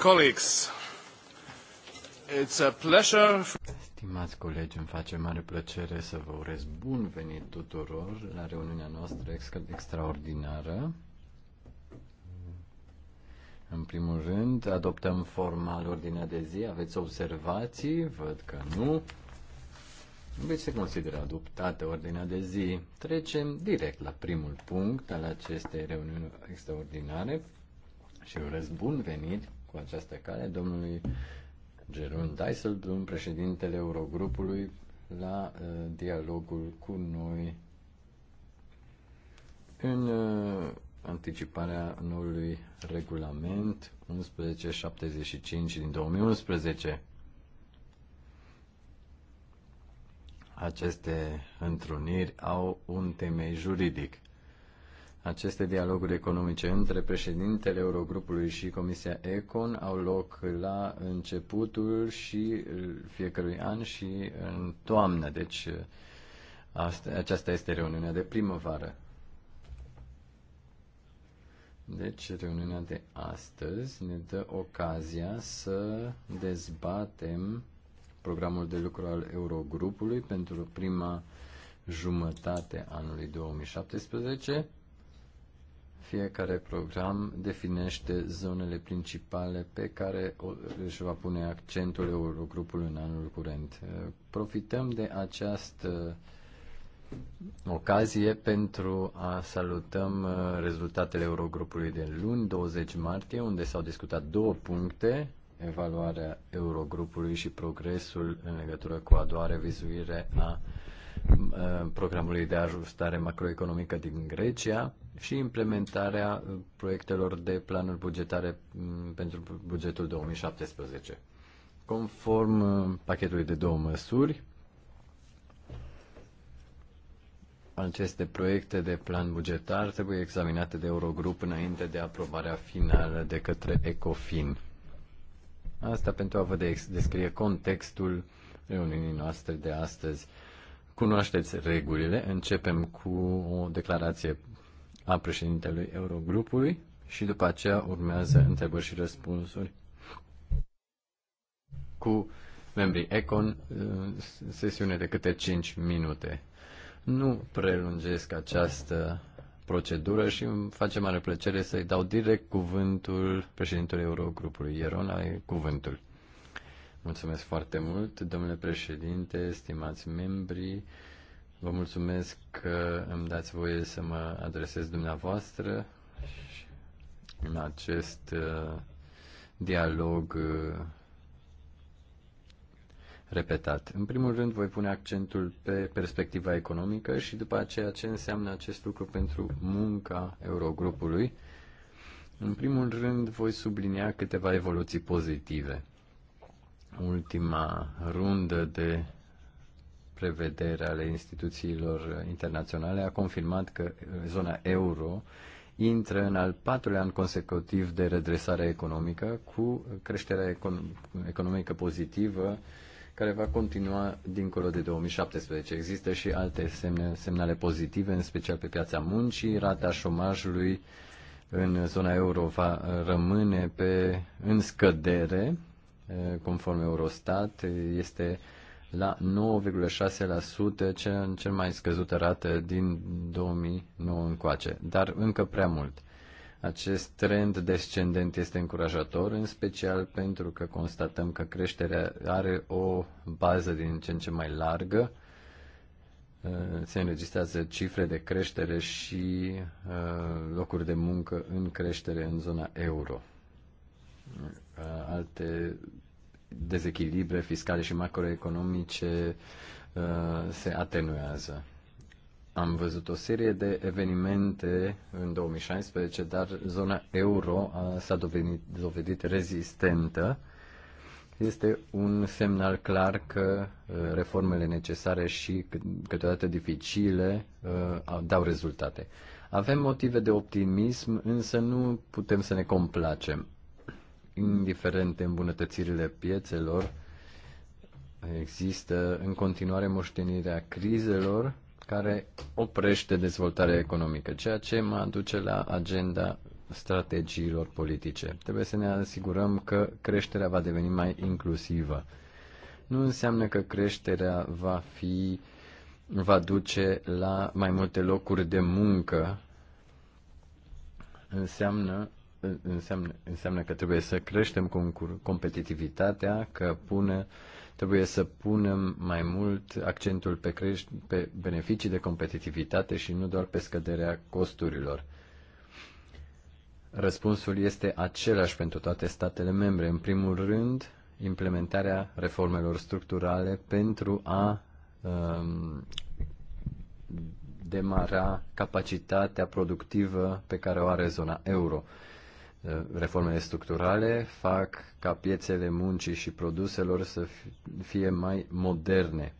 colleagues, it's a pleasure. Stimați colegi, îmi face mare plăcere să vă urez bun venit tuturor la reuniunea noastră extraordinară. În primul rând, adoptăm formal ordinea de zi. Aveți observații? Văd că nu. Deci se consideră adoptată ordinea de zi. Trecem direct la primul punct al acestei reuniuni extraordinare și urez bun venit cu această cale domnului Jerome Dijsselbloem, președintele Eurogrupului, la uh, dialogul cu noi în uh, anticiparea noului regulament 1175 din 2011. Aceste întruniri au un temei juridic. Aceste dialoguri economice între președintele Eurogrupului și Comisia Econ au loc la începutul și uh, fiecărui an și în toamnă, deci uh, asta, aceasta este reuniunea de primăvară. Deci, reuniunea de astăzi ne dă ocazia să dezbatem programul de lucru al Eurogrupului pentru prima jumătate anului 2017 fiecare program definește zonele principale pe care își va pune accentul Eurogrupul în anul curent. Eh, profităm de această ocazie pentru a salutăm eh, rezultatele Eurogrupului de luni, 20 martie, unde s-au discutat două puncte, evaluarea Eurogrupului și progresul în legătură cu a doua revizuire a eh, programului de ajustare macroeconomică din Grecia, și implementarea uh, proiectelor de planuri bugetare mm, pentru bugetul 2017. Conform uh, pachetului de două măsuri, aceste proiecte de plan bugetar trebuie examinate de Eurogrup înainte de aprobarea finală de către ECOFIN. Asta pentru a vă descrie contextul reuniunii noastre de astăzi. Cunoașteți regulile. Începem cu o declarație a președintelui Eurogrupului și după aceea urmează întrebări și răspunsuri cu membrii Econ, uh, sesiune de câte 5 minute. Nu prelungesc această procedură și îmi face mare plăcere să-i dau direct cuvântul președintelui Eurogrupului. Ieron, ai cuvântul. Mulțumesc foarte mult, domnule președinte, stimați membri, Vă mulțumesc că îmi dați voie să mă adresez dumneavoastră în acest uh, dialog uh, repetat. În primul rând voi pune accentul pe perspectiva economică și după aceea ce înseamnă acest lucru pentru munca Eurogrupului. În primul rând voi sublinia câteva evoluții pozitive. Ultima rundă de prevedere ale instituțiilor internaționale a confirmat că eh, zona euro intră în al patrulea an consecutiv de redresare economică cu creșterea econ- economică pozitivă care va continua dincolo de 2017. Există și alte semne, semnale pozitive, în special pe piața muncii, rata șomajului în zona euro va eh, rămâne pe, în scădere, eh, conform Eurostat, este la 9,6%, cea cel mai scăzută rată din 2009 încoace, dar încă prea mult. Acest trend descendent este încurajator, în special pentru că constatăm că creșterea are o bază din ce în ce mai largă. Se înregistrează cifre de creștere și uh, locuri de muncă în creștere în zona euro. Uh, alte dezechilibre fiscale și macroeconomice uh, se atenuează. Am văzut o serie de evenimente în 2016, dar zona euro s-a dovedit, dovedit rezistentă. Este un semnal clar că uh, reformele necesare și câteodată dificile uh, dau rezultate. Avem motive de optimism, însă nu putem să ne complacem indiferent de îmbunătățirile piețelor, există în continuare moștenirea crizelor care oprește dezvoltarea economică, ceea ce mă aduce la agenda strategiilor politice. Trebuie să ne asigurăm că creșterea va deveni mai inclusivă. Nu înseamnă că creșterea va fi va duce la mai multe locuri de muncă. Înseamnă înseamnă, înseamnă că trebuie să creștem competitivitatea, că pune, trebuie să punem mai mult accentul pe, creș- pe beneficii de competitivitate și nu doar pe scăderea costurilor. Răspunsul este același pentru toate statele membre. În primul rând, implementarea reformelor structurale pentru a um, demara capacitatea productivă pe care o are zona euro. Eh, reformele structurale fac ca piețele muncii și produselor să fie mai moderne.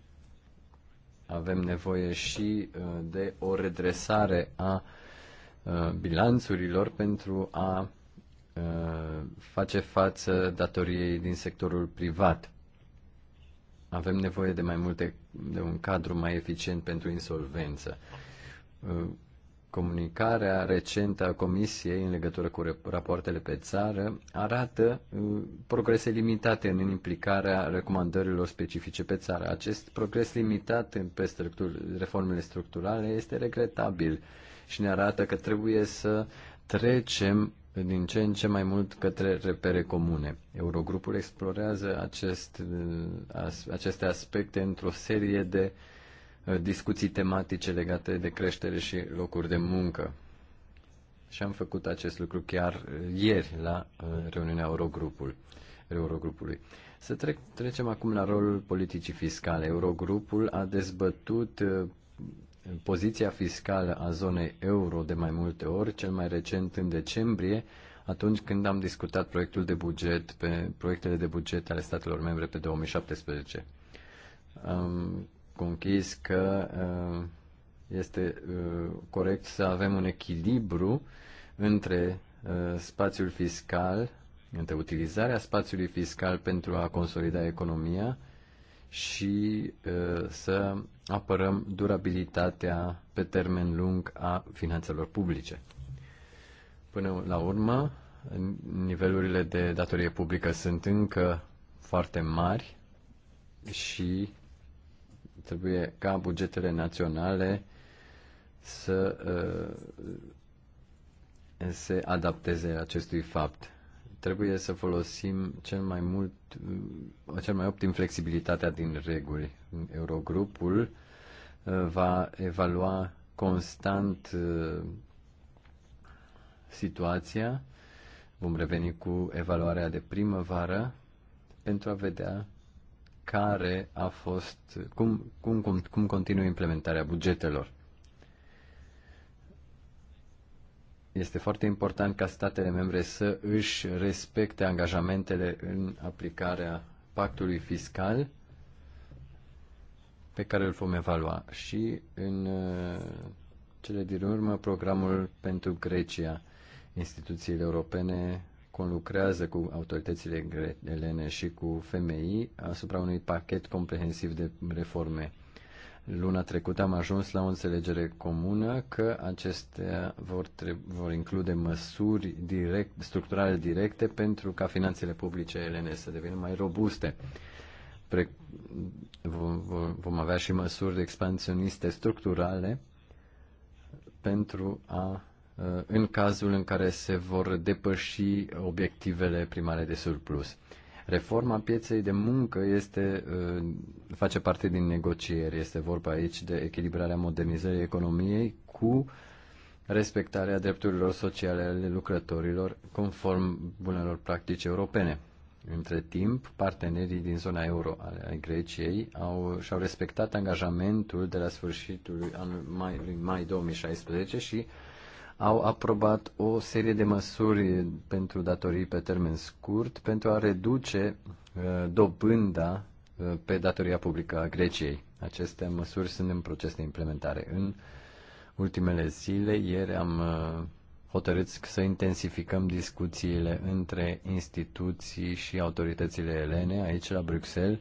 Avem nevoie și eh, de o redresare a eh, bilanțurilor pentru a face față datoriei din sectorul privat. Avem nevoie de mai multe, de un cadru mai eficient pentru insolvență. Comunicarea recentă a Comisiei în legătură cu rapoartele pe țară arată uh, progrese limitate în implicarea recomandărilor specifice pe țară. Acest progres limitat pe structur, reformele structurale este regretabil și ne arată că trebuie să trecem din ce în ce mai mult către repere comune. Eurogrupul explorează acest, uh, aceste aspecte într-o serie de uh, Uh, discuții tematice legate de creștere și locuri de muncă. Și am făcut acest lucru chiar uh, ieri la uh, reuniunea Eurogrupul, Eurogrupului. Să trec, trecem acum la rolul politicii fiscale. Eurogrupul a dezbătut poziția fiscală a zonei euro de mai multe ori, cel mai recent în decembrie, atunci când am discutat proiectul de buget pe proiectele de buget ale statelor membre pe 2017 conchis că uh, este uh, corect să avem un echilibru între uh, spațiul fiscal, între utilizarea spațiului fiscal pentru a consolida economia și să apărăm durabilitatea pe termen lung a finanțelor publice. Până la urmă, nivelurile de datorie publică sunt încă foarte mari și Trebuie ca bugetele naționale să uh, se adapteze acestui fapt. Trebuie să folosim cel mai mult, uh, cel mai optim flexibilitatea din reguli. Eurogrupul uh, va evalua constant situația. Vom reveni cu evaluarea de primăvară pentru a vedea care a fost, cum, cum, cum, cum continuă implementarea bugetelor. Este foarte important ca statele membre să își respecte angajamentele în aplicarea pactului fiscal pe care îl vom evalua și în uh, cele din urmă programul pentru Grecia. Instituțiile europene conlucrează cu autoritățile elene și cu FMI asupra unui pachet comprehensiv de reforme. Luna trecută am ajuns la o înțelegere comună că acestea vor, vor include măsuri direct, structurale directe pentru ca finanțele publice elene să devină mai robuste. Pre- vom avea și măsuri expansioniste structurale pentru a Uh, în cazul în care se vor depăși obiectivele primare de surplus. Reforma pieței de muncă este, uh, face parte din negocieri. Este vorba aici de echilibrarea modernizării economiei cu respectarea drepturilor sociale ale lucrătorilor conform bunelor practici europene. Între timp, partenerii din zona euro ale Greciei au, și-au respectat angajamentul de la sfârșitul anului mai, mai 2016 și au aprobat o serie de măsuri pentru datorii pe termen scurt pentru a reduce uh, dobânda uh, pe datoria publică a Greciei. Aceste măsuri sunt în proces de implementare. În ultimele zile, ieri am uh, hotărât să intensificăm discuțiile între instituții și autoritățile elene aici la Bruxelles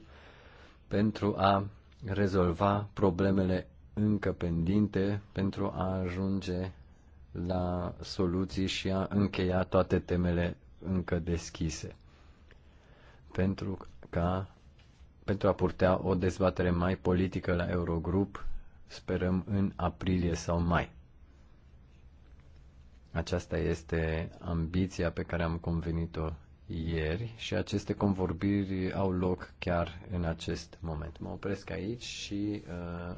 pentru a rezolva problemele încă pendinte pentru a ajunge la soluții și a încheia toate temele încă deschise. Pentru ca pentru a purta o dezbatere mai politică la Eurogrup, sperăm în aprilie sau mai. Aceasta este ambiția pe care am convenit-o ieri și aceste convorbiri au loc chiar în acest moment. Mă opresc aici și uh,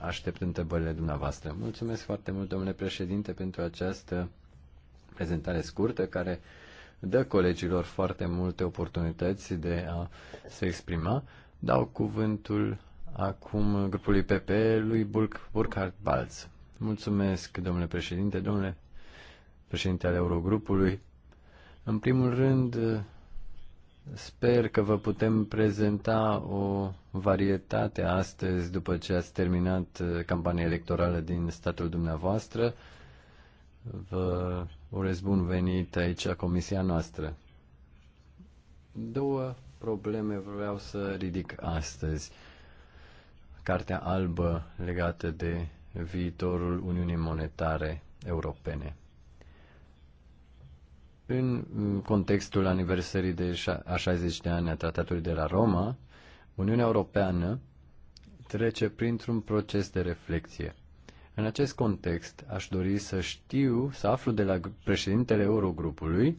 aștept întrebările dumneavoastră. Mulțumesc foarte mult, domnule președinte, pentru această prezentare scurtă care dă colegilor foarte multe oportunități de a se exprima. Dau cuvântul acum grupului PP lui Burkhard Balz. Mulțumesc, domnule președinte, domnule președinte al Eurogrupului. În primul rând, Sper că vă putem prezenta o varietate astăzi după ce ați terminat uh, campania electorală din statul dumneavoastră. Vă urez bun venit aici la comisia noastră. Două probleme vreau să ridic astăzi. Cartea albă legată de viitorul Uniunii Monetare Europene. În contextul aniversării de a 60 de ani a Tratatului de la Roma, Uniunea Europeană trece printr-un proces de reflexie. În acest context, aș dori să știu, să aflu de la președintele Eurogrupului,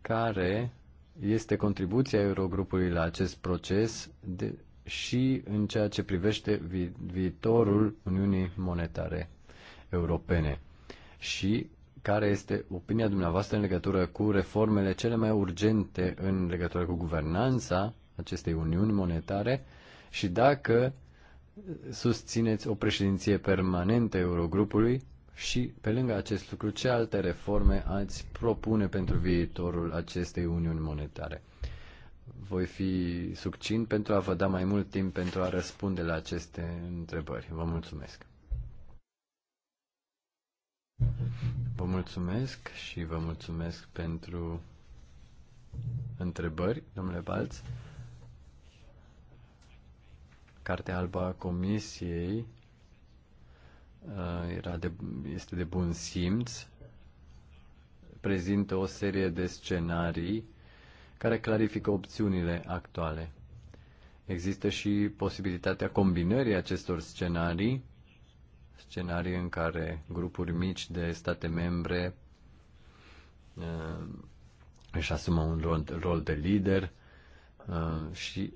care este contribuția Eurogrupului la acest proces de, și în ceea ce privește vi, viitorul Uniunii Monetare Europene și care este opinia dumneavoastră în legătură cu reformele cele mai urgente în legătură cu guvernanța acestei uniuni monetare și dacă susțineți o președinție permanentă Eurogrupului și, pe lângă acest lucru, ce alte reforme ați propune pentru viitorul acestei uniuni monetare? Voi fi succint pentru a vă da mai mult timp pentru a răspunde la aceste întrebări. Vă mulțumesc. Vă mulțumesc și vă mulțumesc pentru întrebări, domnule Balț. Cartea albă a Comisiei uh, era de, este de bun simț, prezintă o serie de scenarii care clarifică opțiunile actuale. Există și posibilitatea combinării acestor scenarii scenarii în care grupuri mici de state membre uh, își asumă un rol, rol de lider uh, și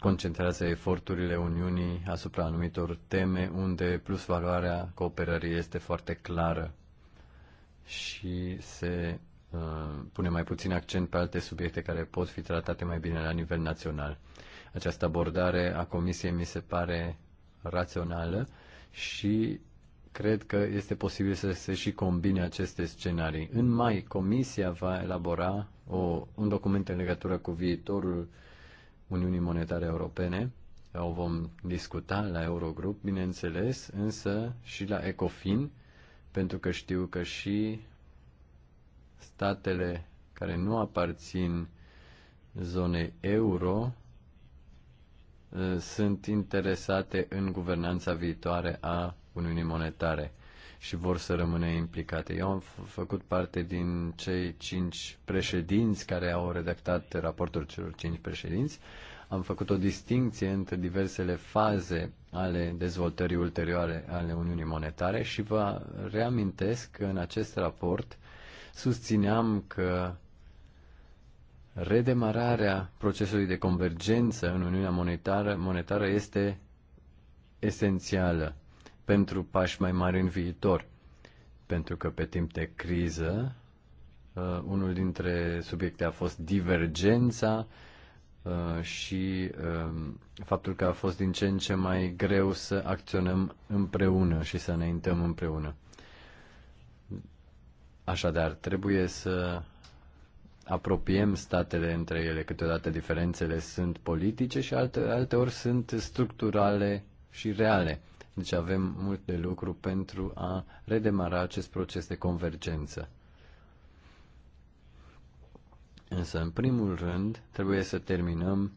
concentrează eforturile Uniunii asupra anumitor teme unde plus valoarea cooperării este foarte clară și se uh, pune mai puțin accent pe alte subiecte care pot fi tratate mai bine la nivel național. Această abordare a Comisiei mi se pare rațională și cred că este posibil să se și combine aceste scenarii. În mai, Comisia va elabora o, un document în legătură cu viitorul Uniunii Monetare Europene. O vom discuta la Eurogrup, bineînțeles, însă și la ECOFIN, pentru că știu că și statele care nu aparțin zonei euro Uh, sunt interesate în guvernanța viitoare a Uniunii Monetare și vor să rămână implicate. Eu am făcut parte din cei cinci președinți care au redactat raportul celor cinci președinți. Am făcut o distinție între diversele faze ale dezvoltării ulterioare ale Uniunii Monetare și vă reamintesc că în acest raport susțineam că redemararea procesului de convergență în Uniunea Monetară, monetară este esențială pentru pași mai mari în viitor. Pentru că pe timp de criză, uh, unul dintre subiecte a fost divergența uh, și um, faptul că a fost din ce în ce mai greu să acționăm împreună și să ne înaintăm împreună. Așadar, trebuie să apropiem statele între ele. Câteodată diferențele sunt politice și alte, alte ori sunt structurale și reale. Deci avem mult de lucru pentru a redemara acest proces de convergență. Însă, în primul rând, trebuie să terminăm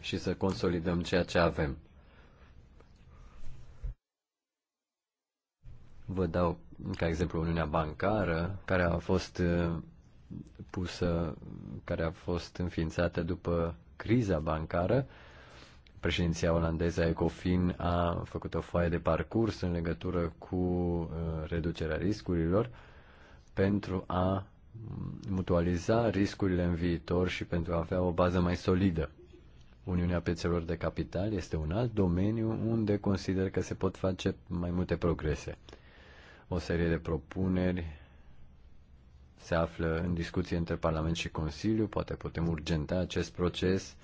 și să consolidăm ceea ce avem. Vă dau ca exemplu Uniunea Bancară, care a fost pusă, care a fost înființată după criza bancară. Președinția olandeză ECOFIN a făcut o foaie de parcurs în legătură cu uh, reducerea riscurilor pentru a mutualiza riscurile în viitor și pentru a avea o bază mai solidă. Uniunea piețelor de capital este un alt domeniu unde consider că se pot face mai multe progrese. O serie de propuneri se află în discuție între Parlament și Consiliu, poate putem urgenta acest proces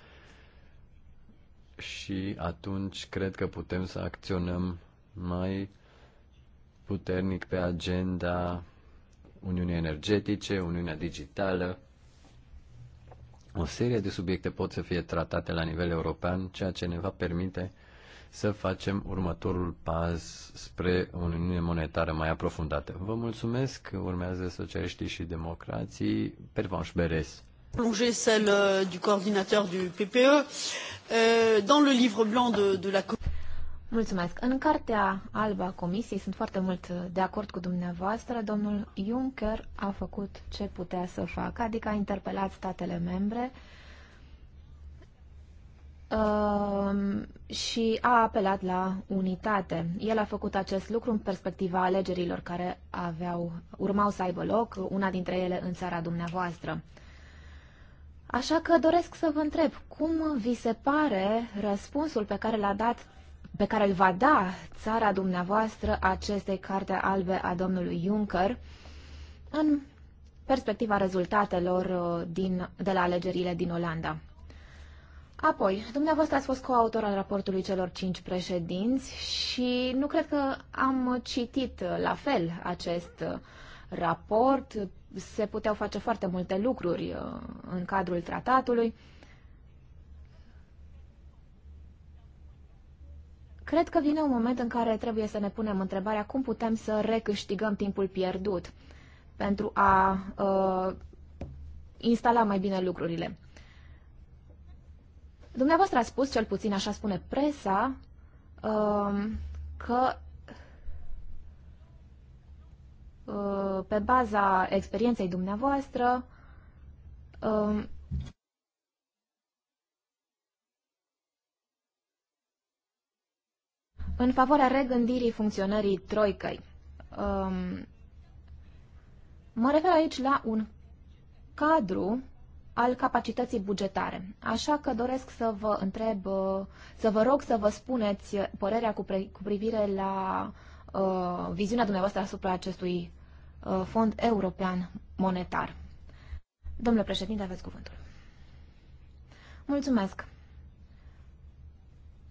și atunci cred că putem să acționăm mai puternic pe agenda Uniunii Energetice, Uniunea Digitală. O serie de subiecte pot să fie tratate la nivel european, ceea ce ne va permite să facem următorul pas spre o uniune monetară mai aprofundată. Vă mulțumesc. Urmează socialiștii și democrații. Pervanș Beres. Plonger celle du coordinateur du PPE euh, dans le livre blanc de, de la Mulțumesc. În cartea albă a Comisiei sunt foarte mult de acord cu dumneavoastră. Domnul Juncker a făcut ce putea să facă, adică a interpelat statele membre Um, și a apelat la unitate. El a făcut acest lucru în perspectiva alegerilor care aveau, urmau să aibă loc, una dintre ele în țara dumneavoastră. Așa că doresc să vă întreb, cum vi se pare răspunsul pe care l-a dat pe care îl va da țara dumneavoastră acestei carte albe a domnului Juncker în perspectiva rezultatelor uh, din, de la alegerile din Olanda. Apoi, dumneavoastră ați fost coautor al raportului celor cinci președinți și nu cred că am citit la fel acest raport. Se puteau face foarte multe lucruri uh, în cadrul tratatului. Cred că vine un moment în care trebuie să ne punem întrebarea cum putem să recâștigăm timpul pierdut pentru a uh, instala mai bine lucrurile. Dumneavoastră a spus, cel puțin așa spune presa, um, că uh, pe baza experienței dumneavoastră um, în favoarea regândirii funcționării troicăi. Um, mă refer aici la un cadru al capacității bugetare. Așa că doresc să vă întreb, uh, să vă rog să vă spuneți părerea cu, pre, cu privire la uh, viziunea dumneavoastră asupra acestui uh, fond european monetar. Domnule președinte, aveți cuvântul. Mulțumesc.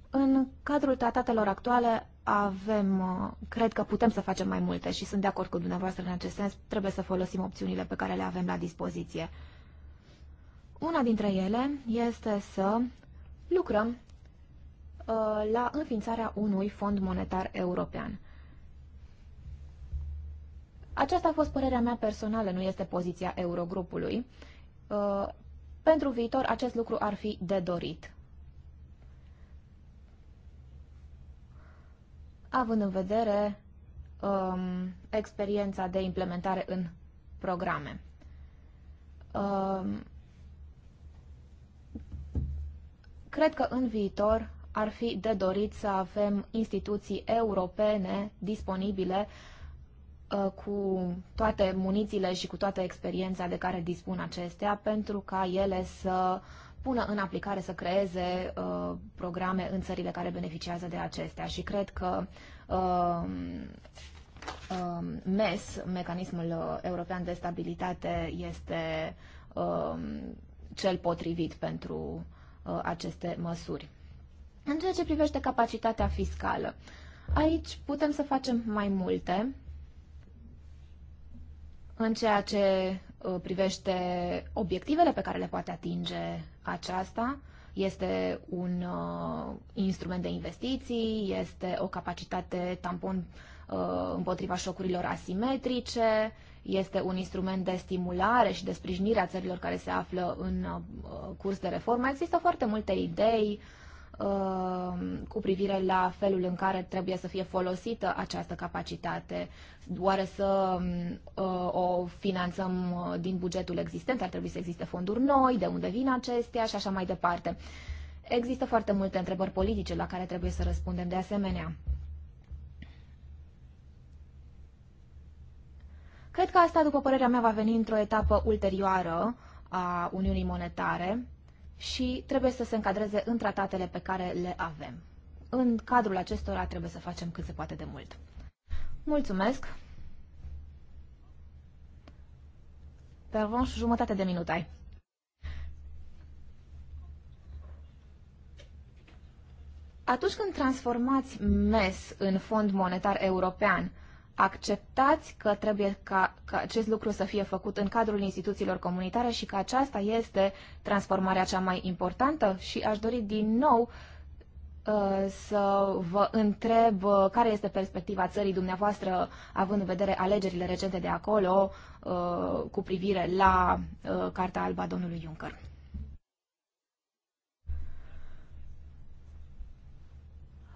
În cadrul tratatelor actuale avem, uh, cred că putem să facem mai multe și sunt de acord cu dumneavoastră în acest sens, trebuie să folosim opțiunile pe care le avem la dispoziție. Uh, una dintre ele este să lucrăm uh, la înființarea unui fond monetar european. Aceasta a fost părerea mea personală, nu este poziția Eurogrupului. Uh, pentru viitor, acest lucru ar fi de dorit. Având în vedere um, experiența de implementare în programe. Um, Cred că în viitor ar fi de dorit să avem instituții europene disponibile uh, cu toate munițiile și cu toată experiența de care dispun acestea pentru ca ele să pună în aplicare, să creeze uh, programe în țările care beneficiază de acestea. Și cred că uh, uh, MES, Mecanismul uh, European de Stabilitate, este uh, cel potrivit pentru uh, Uh, aceste măsuri. În ceea ce privește capacitatea fiscală, aici putem să facem mai multe în ceea ce uh, privește obiectivele pe care le poate atinge aceasta. Este un uh, instrument de investiții, este o capacitate tampon uh, împotriva șocurilor asimetrice, uh, este un instrument de stimulare și de sprijinire a țărilor care se află în uh, curs de reformă. Există foarte multe idei uh, cu privire la felul în care trebuie să fie folosită această capacitate. Oare să uh, o finanțăm din bugetul existent, ar trebui să existe fonduri noi, de unde vin acestea și așa mai departe. Există foarte multe întrebări politice la care trebuie să răspundem de asemenea. Cred că asta, după părerea mea, va veni într-o etapă ulterioară a Uniunii Monetare și trebuie să se încadreze în tratatele pe care le avem. În cadrul acestora trebuie să facem cât se poate de mult. Mulțumesc! Pervon și jumătate de minut ai. Atunci când transformați MES în fond monetar european, acceptați că trebuie ca, ca acest lucru să fie făcut în cadrul instituțiilor comunitare și că aceasta este transformarea cea mai importantă și aș dori din nou uh, să vă întreb uh, care este perspectiva țării dumneavoastră, având în vedere alegerile recente de acolo, uh, cu privire la uh, Carta Alba domnului Juncker.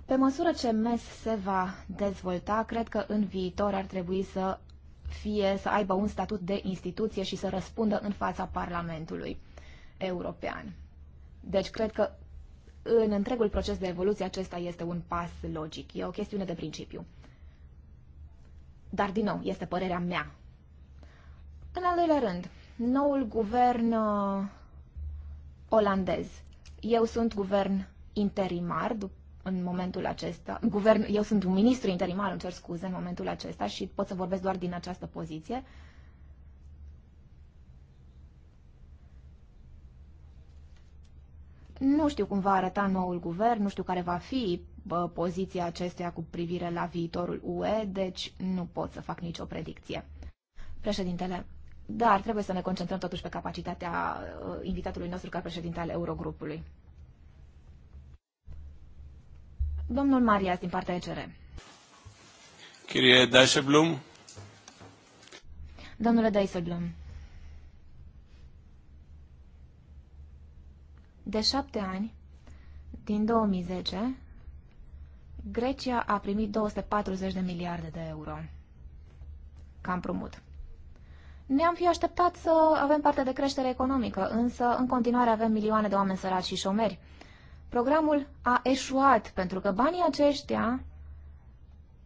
Pe măsură ce MES se va dezvolta, cred că în viitor ar trebui să fie să aibă un statut de instituție și să răspundă în fața Parlamentului European. Deci cred că în întregul proces de evoluție acesta este un pas logic. E o chestiune de principiu. Dar, din nou, este părerea mea. În al doilea rând, noul guvern uh, olandez. Eu sunt guvern interimar, după în momentul acesta. Guvern, eu sunt un ministru interimar, îmi cer scuze în momentul acesta și pot să vorbesc doar din această poziție. Nu știu cum va arăta noul guvern, nu știu care va fi bă, poziția acesteia cu privire la viitorul UE, deci nu pot să fac nicio predicție. Președintele, dar trebuie să ne concentrăm totuși pe capacitatea uh, invitatului nostru ca președinte al Eurogrupului. Domnul Marias, din partea ECR. Chirie Dijsselbloem. Domnule Dijsselbloem. De șapte ani, din 2010, Grecia a primit 240 de miliarde de euro ca împrumut. Ne-am fi așteptat să avem parte de creștere economică, însă în continuare avem milioane de oameni săraci și șomeri programul a eșuat pentru că banii aceștia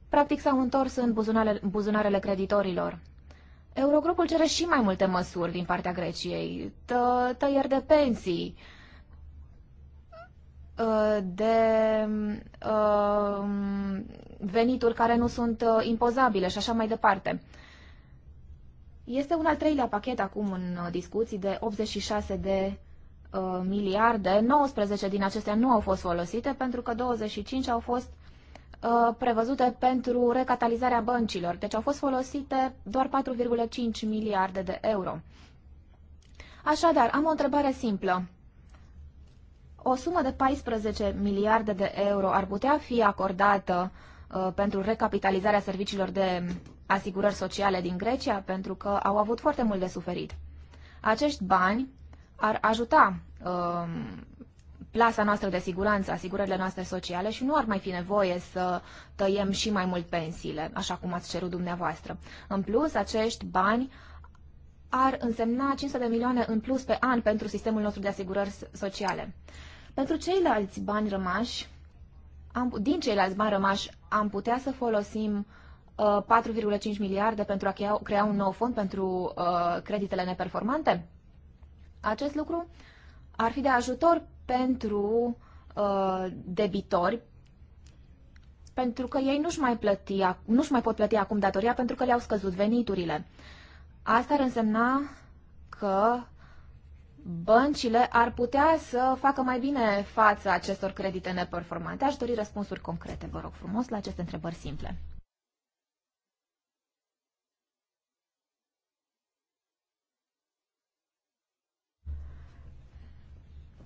practic s-au întors în buzunarele, buzunarele creditorilor. Eurogrupul cere și mai multe măsuri din partea Greciei, tă, tăieri de pensii, ă, de ă, venituri care nu sunt ă, impozabile și așa mai departe. Este un al treilea pachet acum în uh, discuții de 86 de Uh, miliarde, 19 din acestea nu au fost folosite pentru că 25 au fost uh, prevăzute pentru recatalizarea băncilor. Deci au fost folosite doar 4,5 miliarde de euro. Așadar, am o întrebare simplă. O sumă de 14 miliarde de euro ar putea fi acordată uh, pentru recapitalizarea serviciilor de asigurări sociale din Grecia, pentru că au avut foarte mult de suferit. Acești bani ar ajuta um, plasa noastră de siguranță, asigurările noastre sociale și nu ar mai fi nevoie să tăiem și mai mult pensiile, așa cum ați cerut dumneavoastră. În plus, acești bani ar însemna 500 de milioane în plus pe an pentru sistemul nostru de asigurări sociale. Pentru ceilalți bani rămași, am, din ceilalți bani rămași, am putea să folosim uh, 4,5 miliarde pentru a crea, crea un nou fond pentru uh, creditele neperformante? Acest lucru ar fi de ajutor pentru uh, debitori, pentru că ei nu-și mai, plăti, nu-și mai pot plăti acum datoria pentru că le-au scăzut veniturile. Asta ar însemna că băncile ar putea să facă mai bine față acestor credite neperformante. Aș dori răspunsuri concrete, vă rog frumos, la aceste întrebări simple.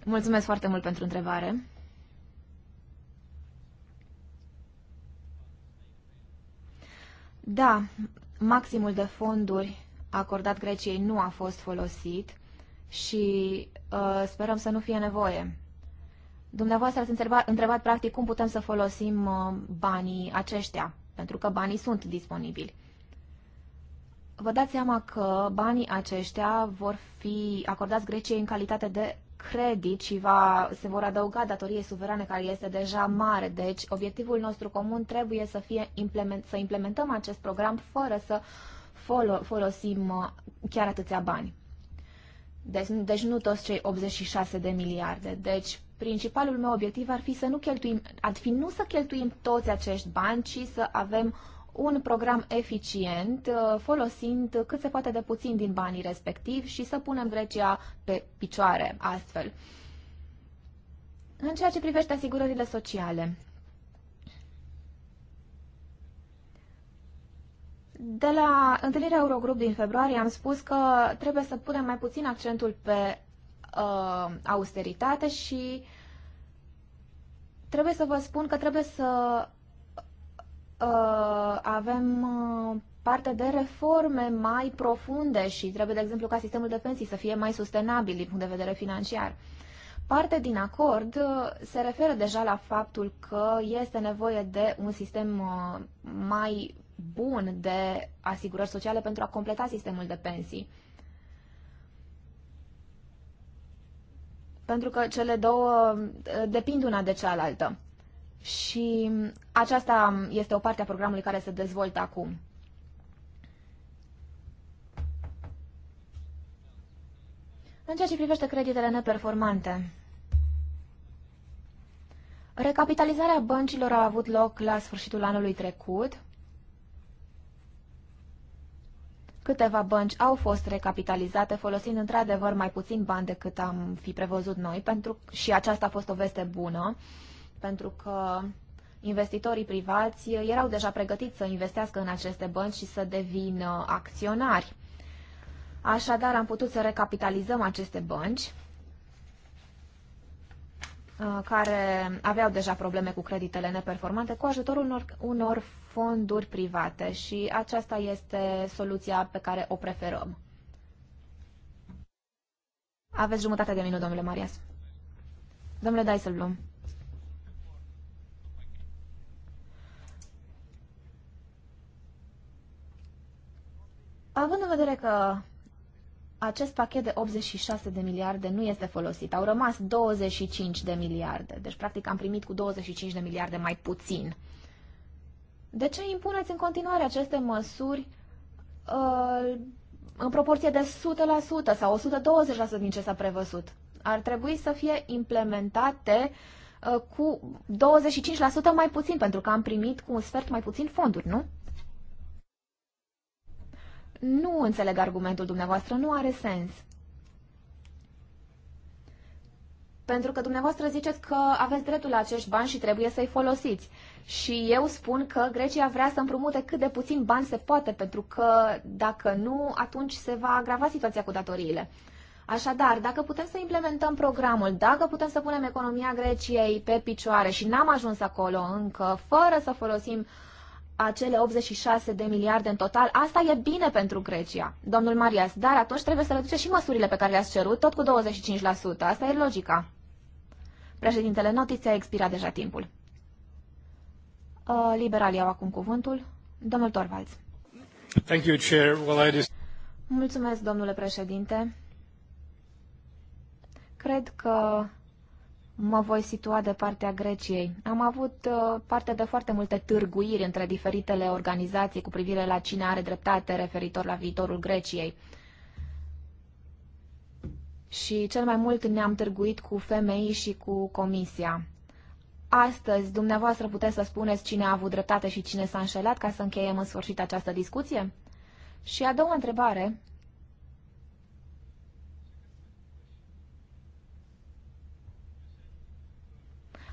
Mulțumesc foarte mult pentru întrebare. Da, maximul de fonduri acordat Greciei nu a fost folosit și uh, sperăm să nu fie nevoie. Dumneavoastră ați întrebat, întrebat practic cum putem să folosim uh, banii aceștia, pentru că banii sunt disponibili. Vă dați seama că banii aceștia vor fi acordați Greciei în calitate de credit și va, se vor adăuga datoriei suverane care este deja mare. Deci, obiectivul nostru comun trebuie să fie implement, să implementăm acest program fără să folosim uh, chiar atâția bani. Deci, deci nu toți cei 86 de miliarde. Deci, principalul meu obiectiv ar fi să nu cheltuim, ar fi nu să cheltuim toți acești bani, ci să avem un program eficient, uh, folosind cât se poate de puțin din banii respectivi și să punem Grecia pe picioare astfel. În ceea ce privește asigurările sociale, de la întâlnirea Eurogrup din februarie am spus că trebuie să punem mai puțin accentul pe uh, austeritate și trebuie să vă spun că trebuie să uh, avem uh, parte de reforme mai profunde și trebuie, de exemplu, ca sistemul de pensii să fie mai sustenabil din punct de vedere financiar. Parte din acord uh, se referă deja la faptul că este nevoie de un sistem uh, mai bun de asigurări sociale pentru a completa sistemul de pensii. Pentru că cele două uh, depind una de cealaltă. Și aceasta este o parte a programului care se dezvoltă acum. În ceea ce privește creditele neperformante, recapitalizarea băncilor a avut loc la sfârșitul anului trecut. Câteva bănci au fost recapitalizate folosind într-adevăr mai puțin bani decât am fi prevăzut noi pentru, și aceasta a fost o veste bună pentru că investitorii privați erau deja pregătiți să investească în aceste bănci și să devină acționari. Așadar, am putut să recapitalizăm aceste bănci uh, care aveau deja probleme cu creditele neperformante cu ajutorul unor, unor fonduri private și aceasta este soluția pe care o preferăm. Aveți jumătate de minut, domnule Marias. Domnule Dijsselbloem. Având în vedere că acest pachet de 86 de miliarde nu este folosit, au rămas 25 de miliarde, deci practic am primit cu 25 de miliarde mai puțin. De ce impuneți în continuare aceste măsuri uh, în proporție de 100% sau 120% din ce s-a prevăzut? Ar trebui să fie implementate uh, cu 25% mai puțin, pentru că am primit cu un sfert mai puțin fonduri, nu? nu înțeleg argumentul dumneavoastră, nu are sens. Pentru că dumneavoastră ziceți că aveți dreptul la acești bani și trebuie să-i folosiți. Și eu spun că Grecia vrea să împrumute cât de puțin bani se poate, pentru că dacă nu, atunci se va agrava situația cu datoriile. Așadar, dacă putem să implementăm programul, dacă putem să punem economia Greciei pe picioare și n-am ajuns acolo încă, fără să folosim uh, acele 86 de miliarde în total, asta e bine pentru Grecia, domnul Marias, dar atunci trebuie să reduce și măsurile pe care le-ați cerut, tot cu 25%. Asta e logica. Președintele, notiția a expirat deja timpul. Uh, liberalii au acum cuvântul. Domnul Torvalds. Thank you, Chair. Well, I just... Mulțumesc, domnule președinte. Cred că mă voi situa de partea Greciei. Am avut uh, parte de foarte multe târguiri între diferitele organizații cu privire la cine are dreptate referitor la viitorul Greciei. Și cel mai mult ne-am târguit cu femei și cu comisia. Astăzi, dumneavoastră puteți să spuneți cine a avut dreptate și cine s-a înșelat ca să încheiem în sfârșit această discuție? Și a doua întrebare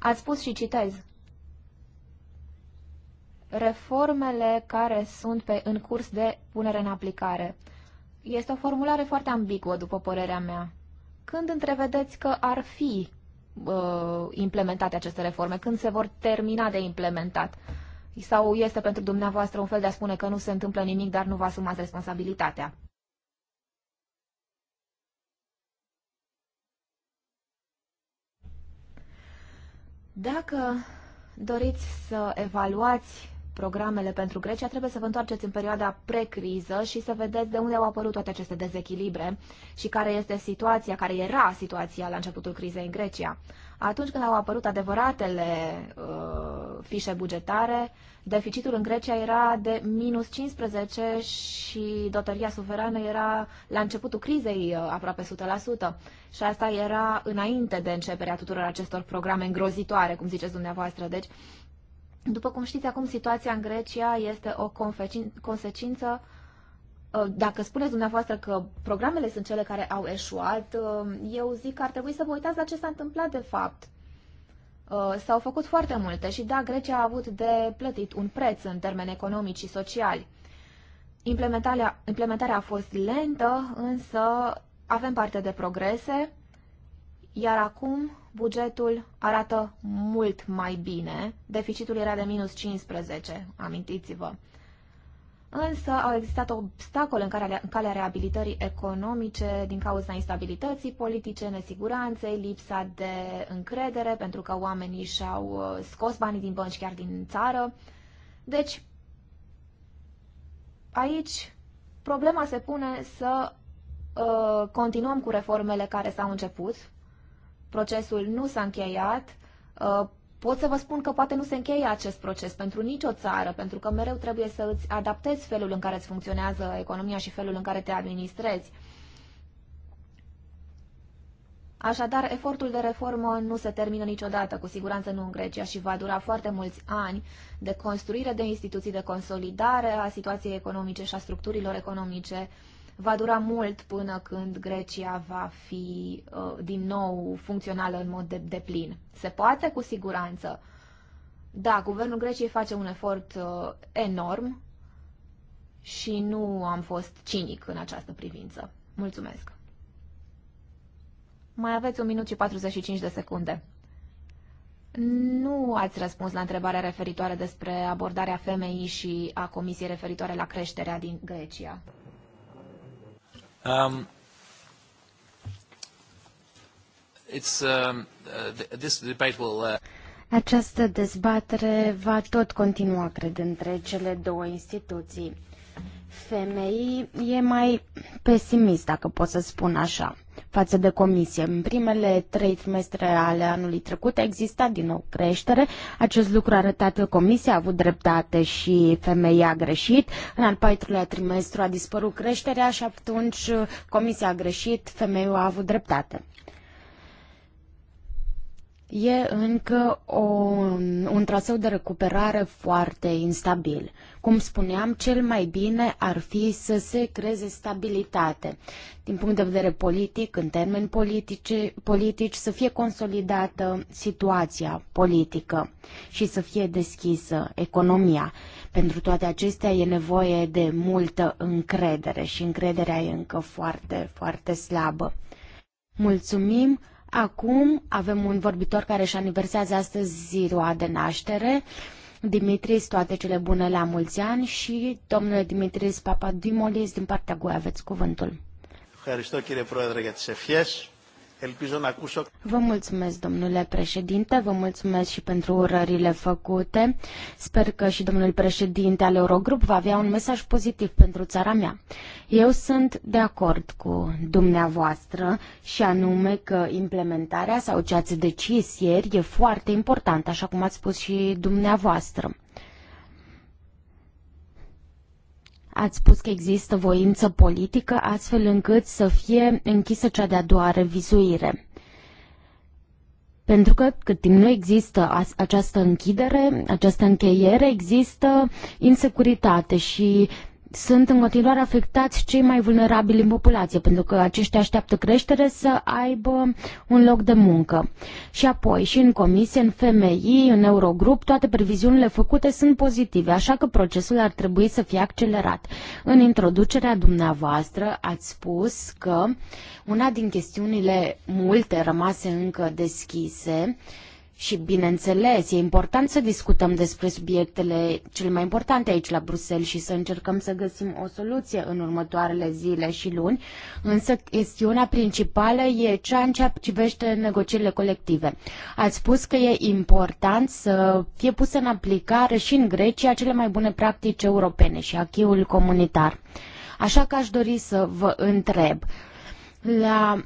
Ați spus și citez. Reformele care sunt pe, în curs de punere în aplicare. Este o formulare foarte ambiguă, după părerea mea. Când întrevedeți că ar fi uh, implementate aceste reforme? Când se vor termina de implementat? Sau este pentru dumneavoastră un fel de a spune că nu se întâmplă nimic, dar nu vă asumați responsabilitatea? Dacă doriți să evaluați programele pentru Grecia, trebuie să vă întoarceți în perioada precriză și să vedeți de unde au apărut toate aceste dezechilibre și care este situația, care era situația la începutul crizei în Grecia. Atunci când au apărut adevăratele uh, fișe bugetare, deficitul în Grecia era de minus 15 și datoria suverană era la începutul crizei uh, aproape 100%. Și asta era înainte de începerea tuturor acestor programe îngrozitoare, cum ziceți dumneavoastră. Deci, după cum știți, acum situația în Grecia este o consecință Uh, dacă spuneți dumneavoastră că programele sunt cele care au eșuat, uh, eu zic că ar trebui să vă uitați la ce s-a întâmplat de fapt. Uh, s-au făcut foarte multe și da, Grecia a avut de plătit un preț în termeni economici și sociali. Implementarea, implementarea a fost lentă, însă avem parte de progrese, iar acum bugetul arată mult mai bine. Deficitul era de minus 15, amintiți-vă însă au existat obstacole în, care, în calea reabilitării economice din cauza instabilității politice, nesiguranței, lipsa de încredere, pentru că oamenii și-au uh, scos banii din bănci chiar din țară. Deci, aici problema se pune să uh, continuăm cu reformele care s-au început. Procesul nu s-a încheiat, uh, pot să vă spun că poate nu se încheie acest proces pentru nicio țară, pentru că mereu trebuie să îți adaptezi felul în care îți funcționează economia și felul în care te administrezi. Așadar, efortul de reformă nu se termină niciodată, cu siguranță nu în Grecia, și va dura foarte mulți ani de construire de instituții, de consolidare a situației economice și a structurilor economice va dura mult până când Grecia va fi uh, din nou funcțională în mod de, de plin. Se poate cu siguranță. Da, guvernul Greciei face un efort uh, enorm și nu am fost cinic în această privință. Mulțumesc. Mai aveți un minut și 45 de secunde. Nu ați răspuns la întrebarea referitoare despre abordarea femeii și a comisiei referitoare la creșterea din Grecia. Um, it's, um, uh, this debate will, uh... Această dezbatere va tot continua, cred, între cele două instituții. FMI e mai pesimist, dacă pot să spun așa față de comisie. În primele trei trimestre ale anului trecut a existat din nou creștere. Acest lucru a arătat că comisia a avut dreptate și femeia a greșit. În al patrulea trimestru a dispărut creșterea și atunci comisia a greșit, femeia a avut dreptate e încă o, un traseu de recuperare foarte instabil. Cum spuneam, cel mai bine ar fi să se creeze stabilitate. Din punct de vedere politic, în termeni politici, politici să fie consolidată situația politică și să fie deschisă economia. Pentru toate acestea e nevoie de multă încredere și încrederea e încă foarte, foarte slabă. Mulțumim! Acum avem un vorbitor care își aniversează astăzi ziua de naștere. Dimitris, toate cele bune la mulți ani și domnule Dimitris Papadimolis, din partea GUE aveți cuvântul. Ευχαριστώ κύριε Πρόεδρε για ευχές. Vă mulțumesc, domnule președinte, vă mulțumesc și pentru urările făcute. Sper că și domnul președinte al Eurogrup va avea un mesaj pozitiv pentru țara mea. Eu sunt de acord cu dumneavoastră și anume că implementarea sau ce ați decis ieri e foarte importantă, așa cum ați spus și dumneavoastră. Ați spus că există voință politică astfel încât să fie închisă cea de-a doua revizuire. Pentru că cât timp nu există această închidere, această încheiere, există insecuritate și sunt în continuare afectați cei mai vulnerabili în populație, pentru că aceștia așteaptă creștere să aibă un loc de muncă. Și apoi, și în comisie, în FMI, în Eurogrup, toate previziunile făcute sunt pozitive, așa că procesul ar trebui să fie accelerat. În introducerea dumneavoastră ați spus că una din chestiunile multe rămase încă deschise uh, și, bineînțeles, e important să discutăm despre subiectele cele mai importante aici la Bruxelles și să încercăm să găsim o soluție în următoarele zile și luni, însă chestiunea principală e cea în ceea ce privește negocierile colective. Ați spus că e important să fie pusă în aplicare și în Grecia cele mai bune practici europene și achiul comunitar. Așa că aș dori să vă întreb, la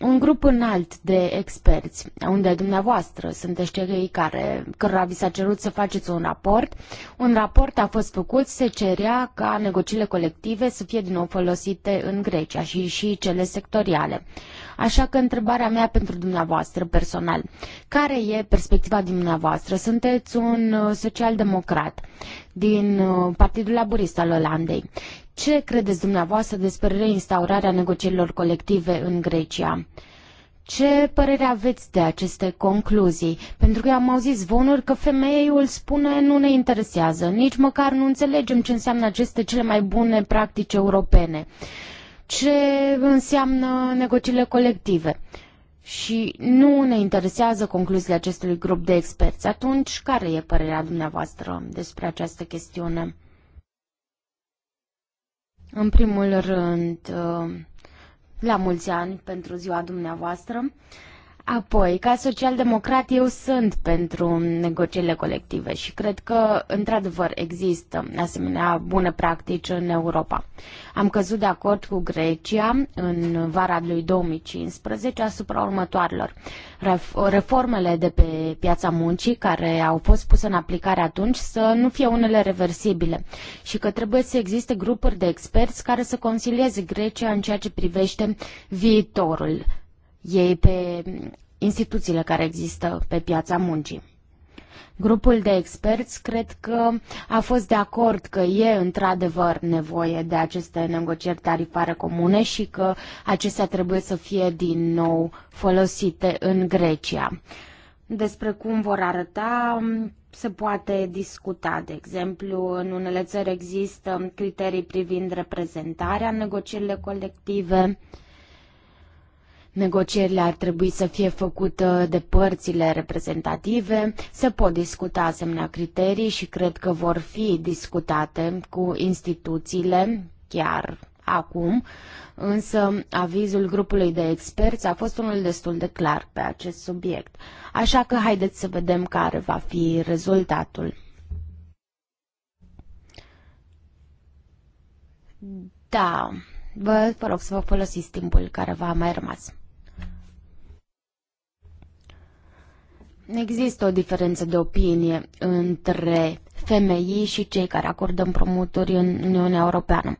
un grup înalt de experți, unde dumneavoastră sunteți cei care, cărora vi s-a cerut să faceți un raport. Un raport a fost făcut, se cerea ca negocierile colective să fie din nou folosite în Grecia și, și cele sectoriale. Așa că întrebarea mea pentru dumneavoastră personal, care e perspectiva dumneavoastră? Sunteți un uh, social-democrat din uh, Partidul Laborist al Olandei. Ce credeți dumneavoastră despre reinstaurarea negocierilor colective în Grecia? Ce părere aveți de aceste concluzii? Pentru că am auzit zvonuri că femeiul spune nu ne interesează, nici măcar nu înțelegem ce înseamnă aceste cele mai bune practici europene. Ce înseamnă negocierile colective? Și nu ne interesează concluziile acestui grup de experți. Atunci, care e părerea dumneavoastră despre această chestiune? În primul rând, uh, la mulți ani pentru ziua dumneavoastră. Apoi, ca social-democrat, eu sunt pentru negocierile colective și cred că, într-adevăr, există asemenea bune practici în Europa. Am căzut de acord cu Grecia în vara lui 2015 asupra următoarelor. Reformele de pe piața muncii care au fost puse în aplicare atunci să nu fie unele reversibile și că trebuie să existe grupuri de experți care să consilieze Grecia în ceea ce privește viitorul ei pe instituțiile care există pe piața muncii. Grupul de experți cred că a fost de acord că e într-adevăr nevoie de aceste negocieri tarifare comune și că acestea trebuie să fie din nou folosite în Grecia. Despre cum vor arăta se poate discuta. De exemplu, în unele țări există criterii privind reprezentarea în negocierile colective. Negocierile ar trebui să fie făcute de părțile reprezentative, se pot discuta asemenea criterii și cred că vor fi discutate cu instituțiile chiar acum, însă avizul grupului de experți a fost unul destul de clar pe acest subiect. Așa că haideți să vedem care va fi rezultatul. Da, vă, vă rog să vă folosiți timpul care v-a mai rămas. Există o diferență de opinie între femeii și cei care acordă împrumuturi în Uniunea Europeană.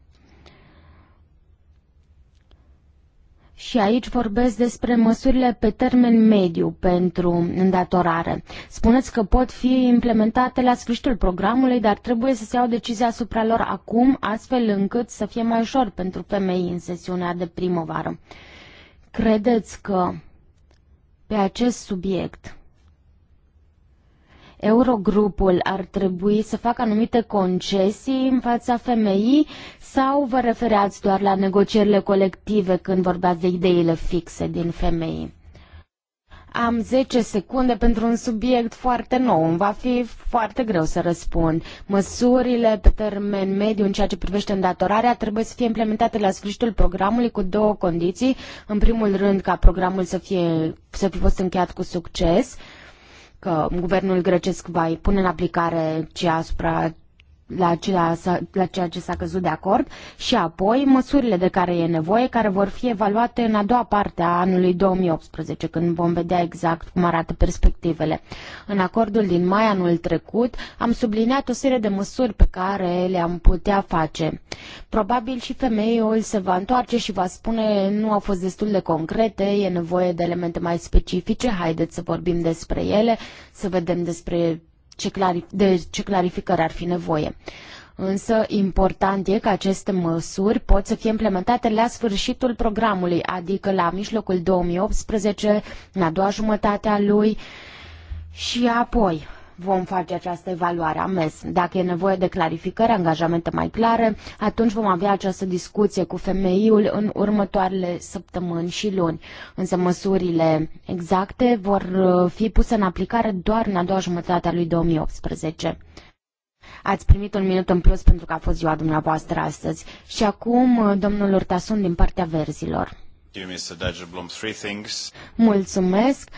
Și aici vorbesc despre măsurile pe termen mediu pentru îndatorare. Spuneți că pot fi implementate la sfârșitul programului, dar trebuie să se iau decizia asupra lor acum, astfel încât să fie mai ușor pentru femei în sesiunea de primăvară. Credeți că pe acest subiect Eurogrupul ar trebui să facă anumite concesii în fața femeii sau vă referați doar la negocierile colective când vorbeați de ideile fixe din femei? Am 10 secunde pentru un subiect foarte nou. Îmi va fi foarte greu să răspund. Măsurile pe termen mediu în ceea ce privește îndatorarea trebuie să fie implementate la sfârșitul programului cu două condiții. În primul rând ca programul să fie să fi fost încheiat cu succes că guvernul grecesc va pune în aplicare ce asupra la cea, la ceea ce s-a căzut de acord și apoi măsurile de care e nevoie, care vor fi evaluate în a doua parte a anului 2018, când vom vedea exact cum arată perspectivele. În acordul din mai anul trecut am subliniat o serie de măsuri pe care le-am putea face. Probabil și femeiul se va întoarce și va spune nu au fost destul de concrete, e nevoie de elemente mai specifice, haideți să vorbim despre ele, să vedem despre ce clarif- de ce clarificări ar fi nevoie. Însă important e că aceste măsuri pot să fie implementate la sfârșitul programului, adică la mijlocul 2018, la a doua jumătate a lui și apoi vom face această evaluare a MES. Dacă e nevoie de clarificări, angajamente mai clare, atunci vom avea această discuție cu femeiul în următoarele săptămâni și luni. Însă măsurile exacte vor uh, fi puse în aplicare doar în a doua jumătate a lui 2018. Ați primit un minut în plus pentru că a fost ziua dumneavoastră astăzi. Și acum, uh, domnul Urtasun din partea verzilor. Mulțumesc.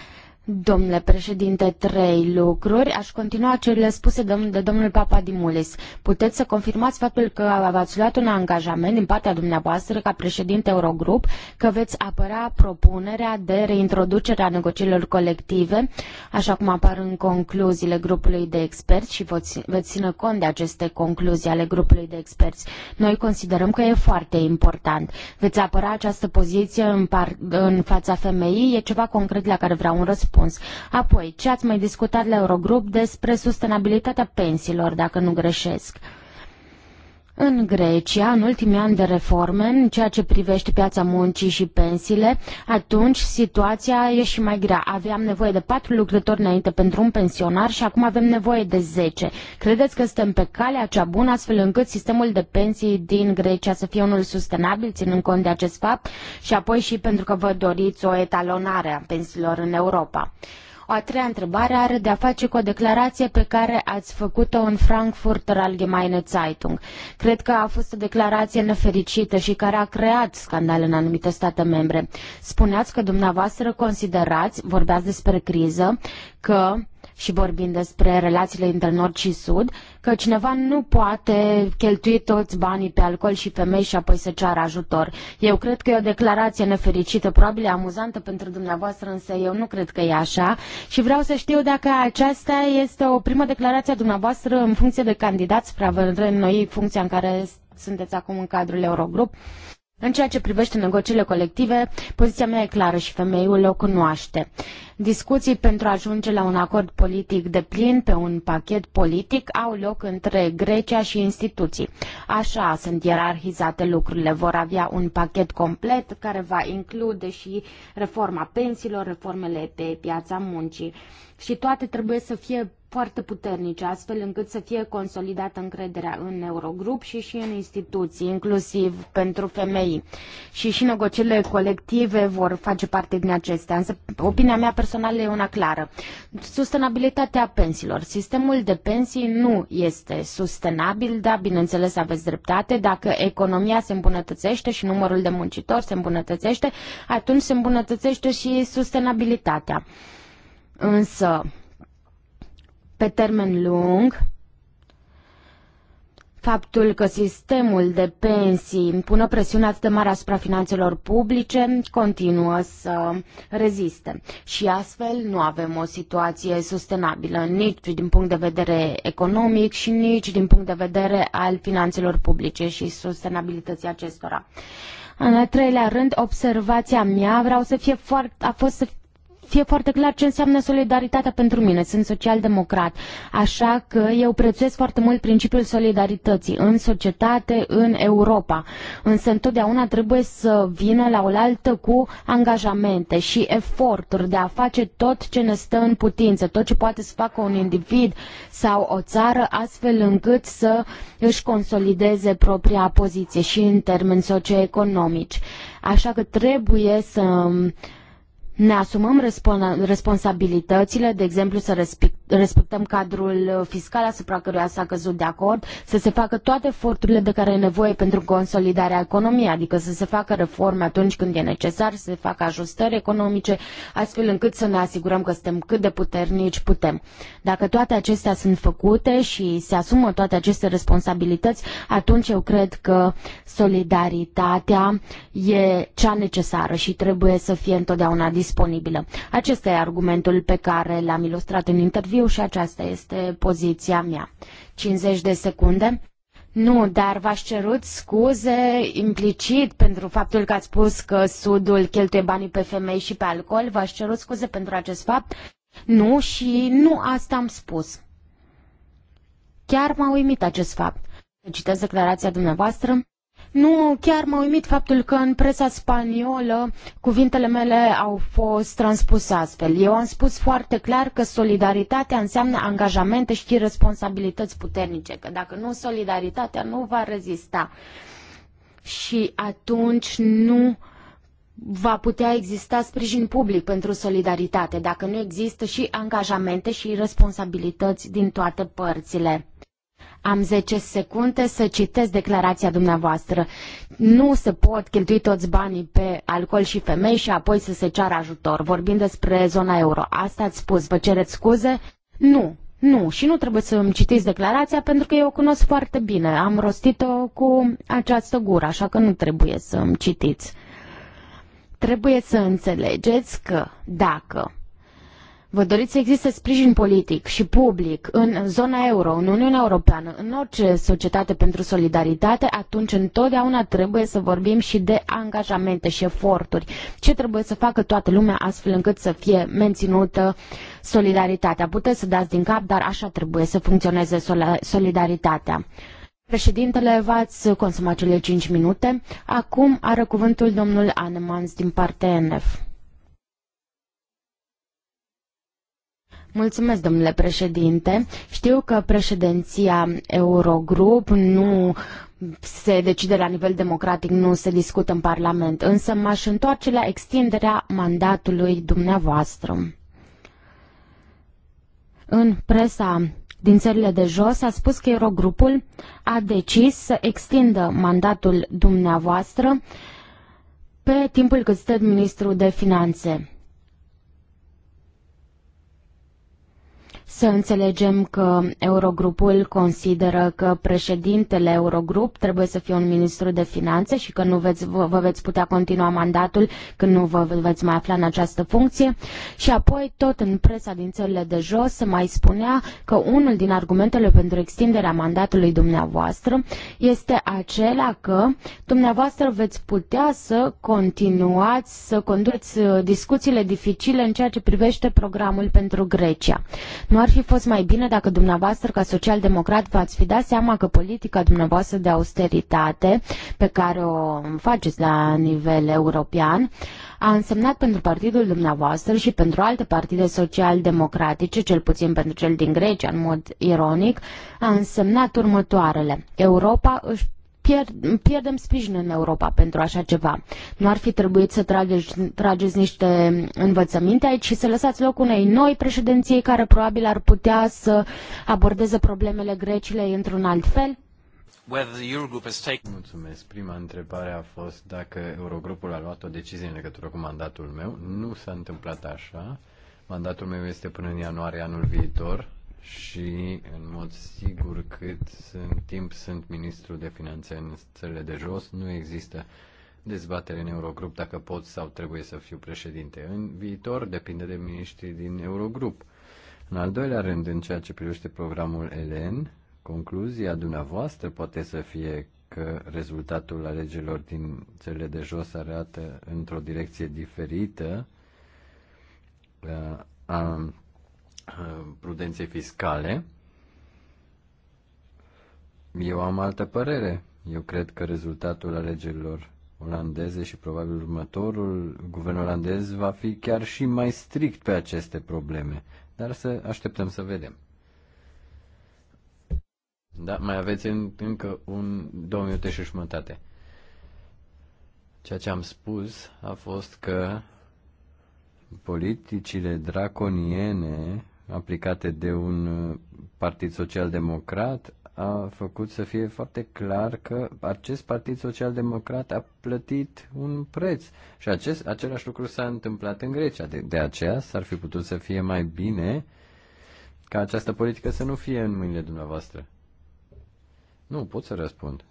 Domnule președinte, trei lucruri. Aș continua cele spuse de domnul Papadimulis. Puteți să confirmați faptul că ați luat un angajament din partea dumneavoastră ca președinte Eurogrup că veți apăra propunerea de reintroducere a negocierilor colective, așa cum apar în concluziile grupului de experți și veți, veți ține cont de aceste concluzii ale grupului de experți. Noi considerăm că e foarte important. Veți apăra această poziție în, par, în fața femeii? E ceva concret la care vreau un răspuns răspuns. Apoi, ce ați mai discutat la Eurogrup despre sustenabilitatea pensiilor, dacă nu greșesc? În Grecia, în ultimii ani de reforme, în ceea ce privește piața muncii și pensiile, atunci situația e și mai grea. Aveam nevoie de patru lucrători înainte pentru un pensionar și acum avem nevoie de zece. Credeți că suntem pe calea cea bună astfel încât sistemul de pensii din Grecia să fie unul sustenabil, ținând cont de acest fapt, și apoi și pentru că vă doriți o etalonare a pensiilor în Europa. O A treia întrebare are de a face cu o declarație pe care ați făcut-o în Frankfurter Allgemeine Zeitung. Cred că a fost o declarație nefericită și care a creat scandal în anumite state membre. Spuneați că dumneavoastră considerați, vorbeați despre criză, că și vorbim despre relațiile între nord și sud, că cineva nu poate cheltui toți banii pe alcool și femei și apoi să ceară ajutor. Eu cred că e o declarație nefericită, probabil e amuzantă pentru dumneavoastră, însă eu nu cred că e așa și vreau să știu dacă aceasta este o primă declarație a dumneavoastră în funcție de candidat spre a noi funcția în care sunteți acum în cadrul Eurogrup. În ceea ce privește negocierile colective, poziția mea e clară și femeiul o cunoaște. Discuții pentru a ajunge la un acord politic de plin pe un pachet politic au loc între Grecia și instituții. Așa sunt ierarhizate lucrurile. Vor avea un pachet complet care va include și reforma pensiilor, reformele pe piața muncii și toate trebuie să fie foarte puternice, astfel încât să fie consolidată încrederea în Eurogrup și și în instituții, inclusiv pentru femei. Și și negocierile colective vor face parte din acestea. Însă, opinia mea personală e una clară. Sustenabilitatea pensiilor. Sistemul de pensii nu este sustenabil, dar bineînțeles aveți dreptate. Dacă economia se îmbunătățește și numărul de muncitori se îmbunătățește, atunci se îmbunătățește și sustenabilitatea. Însă, pe termen lung, faptul că sistemul de pensii pune presiune atât de mare asupra finanțelor publice continuă să reziste. Și astfel nu avem o situație sustenabilă nici din punct de vedere economic și nici din punct de vedere al finanțelor publice și sustenabilității acestora. În al treilea rând, observația mea vreau să fie foarte, a fost să fie foarte clar ce înseamnă solidaritatea pentru mine. Sunt social-democrat, așa că eu prețuiesc foarte mult principiul solidarității în societate, în Europa. Însă întotdeauna trebuie să vină la oaltă cu angajamente și eforturi de a face tot ce ne stă în putință, tot ce poate să facă un individ sau o țară, astfel încât să își consolideze propria poziție și în termeni socioeconomici. Așa că trebuie să ne asumăm responsabilitățile, de exemplu să respect respectăm cadrul fiscal asupra căruia s-a căzut de acord, să se facă toate eforturile de care e nevoie pentru consolidarea economiei, adică să se facă reforme atunci când e necesar, să se facă ajustări economice, astfel încât să ne asigurăm că suntem cât de puternici putem. Dacă toate acestea sunt făcute și se asumă toate aceste responsabilități, atunci eu cred că solidaritatea e cea necesară și trebuie să fie întotdeauna disponibilă. Acesta e argumentul pe care l-am ilustrat în interviu știu și aceasta este poziția mea. 50 de secunde. Nu, dar v-aș cerut scuze implicit pentru faptul că ați spus că Sudul cheltuie banii pe femei și pe alcool. V-aș cerut scuze pentru acest fapt? Nu și nu asta am spus. Chiar m-a uimit acest fapt. Citez declarația dumneavoastră. Nu, chiar m-a uimit faptul că în presa spaniolă cuvintele mele au fost transpuse astfel. Eu am spus foarte clar că solidaritatea înseamnă angajamente și responsabilități puternice, că dacă nu, solidaritatea nu va rezista. Și atunci nu va putea exista sprijin public pentru solidaritate, dacă nu există și angajamente și responsabilități din toate părțile. Am 10 secunde să citesc declarația dumneavoastră. Nu se pot cheltui toți banii pe alcool și femei și apoi să se ceară ajutor. Vorbim despre zona euro. Asta ați spus. Vă cereți scuze? Nu. Nu, și nu trebuie să îmi citiți declarația pentru că eu o cunosc foarte bine. Am rostit-o cu această gură, așa că nu trebuie să îmi citiți. Trebuie să înțelegeți că dacă Vă doriți să existe sprijin politic și public în zona euro, în Uniunea Europeană, în orice societate pentru solidaritate, atunci întotdeauna trebuie să vorbim și de angajamente și eforturi. Ce trebuie să facă toată lumea astfel încât să fie menținută solidaritatea? Puteți să dați din cap, dar așa trebuie să funcționeze solidaritatea. Președintele, v-ați consumat cele 5 minute. Acum are cuvântul domnul Anemans din partea NF. Mulțumesc, domnule președinte. Știu că președinția Eurogrup nu se decide la nivel democratic, nu se discută în Parlament, însă m-aș întoarce la extinderea mandatului dumneavoastră. În presa din țările de jos a spus că Eurogrupul a decis să extindă mandatul dumneavoastră pe timpul cât sunteți ministrul de finanțe. Să înțelegem că Eurogrupul consideră că președintele Eurogrup trebuie să fie un ministru de finanțe și că nu veți, vă, vă veți putea continua mandatul când nu vă veți mai afla în această funcție. Și apoi, tot în presa din țările de jos, se mai spunea că unul din argumentele pentru extinderea mandatului dumneavoastră este acela că dumneavoastră veți putea să continuați să conduceți uh, discuțiile dificile în ceea ce privește programul pentru Grecia. Nu ar fi fost mai bine dacă dumneavoastră, ca social-democrat, v-ați fi dat seama că politica dumneavoastră de austeritate pe care o faceți la nivel european a însemnat pentru partidul dumneavoastră și pentru alte partide social-democratice, cel puțin pentru cel din Grecia, în mod ironic, a însemnat următoarele. Europa își pierd, pierdem sprijin în Europa pentru așa ceva. Nu ar fi trebuit să trageți, trageți niște învățăminte aici și să lăsați loc unei noi președinții care probabil ar putea să abordeze problemele Grecilei într-un alt fel? Mulțumesc. Prima întrebare a fost dacă Eurogrupul a luat o decizie în legătură cu mandatul meu. Nu s-a întâmplat așa. Mandatul meu este până în ianuarie anul viitor și în mod sigur cât în timp sunt ministru de finanțe în țările de jos, nu există dezbatere în Eurogrup dacă pot sau trebuie să fiu președinte. În viitor depinde de miniștrii din Eurogrup. În al doilea rând, în ceea ce privește programul ELEN, concluzia dumneavoastră poate să fie că rezultatul alegerilor din țările de jos arată într-o direcție diferită uh, a, Uh, prudenței fiscale, eu am altă părere. Eu cred că rezultatul alegerilor olandeze și probabil următorul guvern olandez va fi chiar și mai strict pe aceste probleme. Dar să așteptăm să vedem. Da, mai aveți în, încă un două minute și jumătate. Ceea ce am spus a fost că politicile draconiene aplicate de un uh, partid social-democrat a făcut să fie foarte clar că acest partid social-democrat a plătit un preț. Și acest, același lucru s-a întâmplat în Grecia. De, de aceea s-ar fi putut să fie mai bine ca această politică să nu fie în mâinile dumneavoastră. Nu, pot să răspund.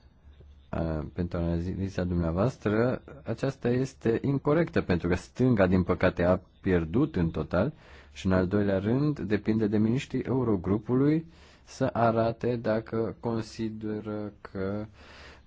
A, pentru analiza dumneavoastră, aceasta este incorrectă, pentru că stânga, din păcate, a pierdut în total și în al doilea rând, depinde de miniștrii Eurogrupului să arate dacă consideră că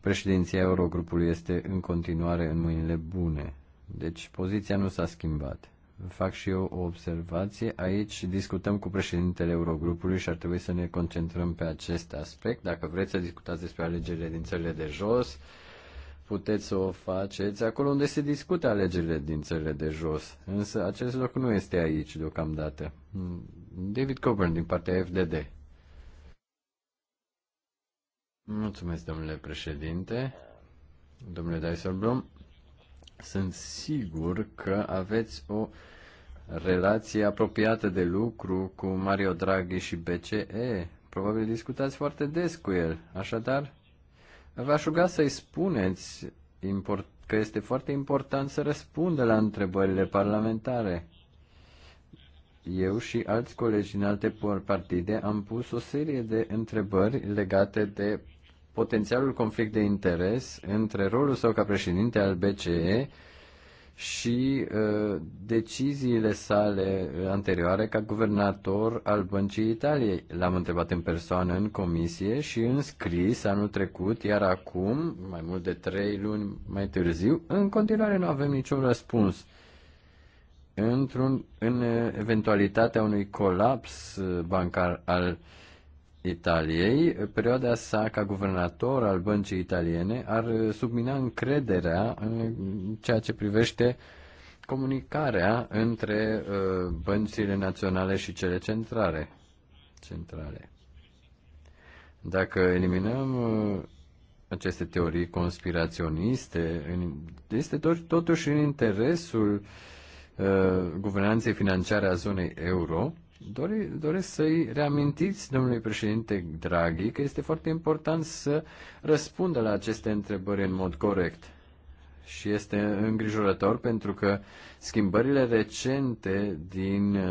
președinția Eurogrupului este în continuare în mâinile bune. Deci poziția nu s-a schimbat. Fac și eu o observație. Aici discutăm cu președintele Eurogrupului și ar trebui să ne concentrăm pe acest aspect. Dacă vreți să discutați despre alegerile din țările de jos, puteți să o faceți acolo unde se discută alegerile din țările de jos. Însă acest loc nu este aici deocamdată. David Coburn din partea FDD. Mulțumesc, domnule președinte. Domnule Dijsselbloem, sunt sigur că aveți o relație apropiată de lucru cu Mario Draghi și BCE. Probabil discutați foarte des cu el. Așadar, V-aș ruga să-i spuneți că este foarte important să răspundă la întrebările parlamentare. Eu și alți colegi din alte partide am pus o serie de întrebări legate de potențialul conflict de interes între rolul său ca președinte al BCE și uh, deciziile sale anterioare ca guvernator al Băncii Italiei. L-am întrebat în persoană în comisie și în scris anul trecut, iar acum, mai mult de trei luni mai târziu, în continuare nu avem niciun răspuns. Într-un, în eventualitatea unui colaps bancar al uh, Italiei, perioada sa ca guvernator al băncii italiene ar submina încrederea în ceea ce privește comunicarea între uh, băncile naționale și cele centrale. centrale. Dacă eliminăm uh, aceste teorii conspiraționiste, este totuși în interesul uh, guvernanței financiare a zonei euro, Dore, doresc să-i reamintiți, domnului președinte Draghi, că este foarte important să răspundă la aceste întrebări în mod corect. Și este îngrijorător pentru că schimbările recente din uh,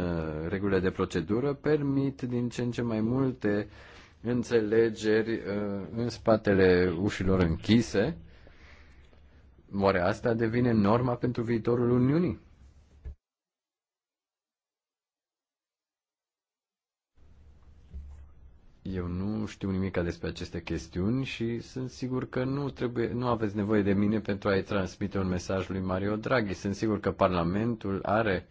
regulile de procedură permit din ce în ce mai multe înțelegeri uh, în spatele ușilor închise. Oare asta devine norma pentru viitorul Uniunii? Eu nu știu nimic despre aceste chestiuni și sunt sigur că nu, trebuie, nu aveți nevoie de mine pentru a-i transmite un mesaj lui Mario Draghi. Sunt sigur că Parlamentul are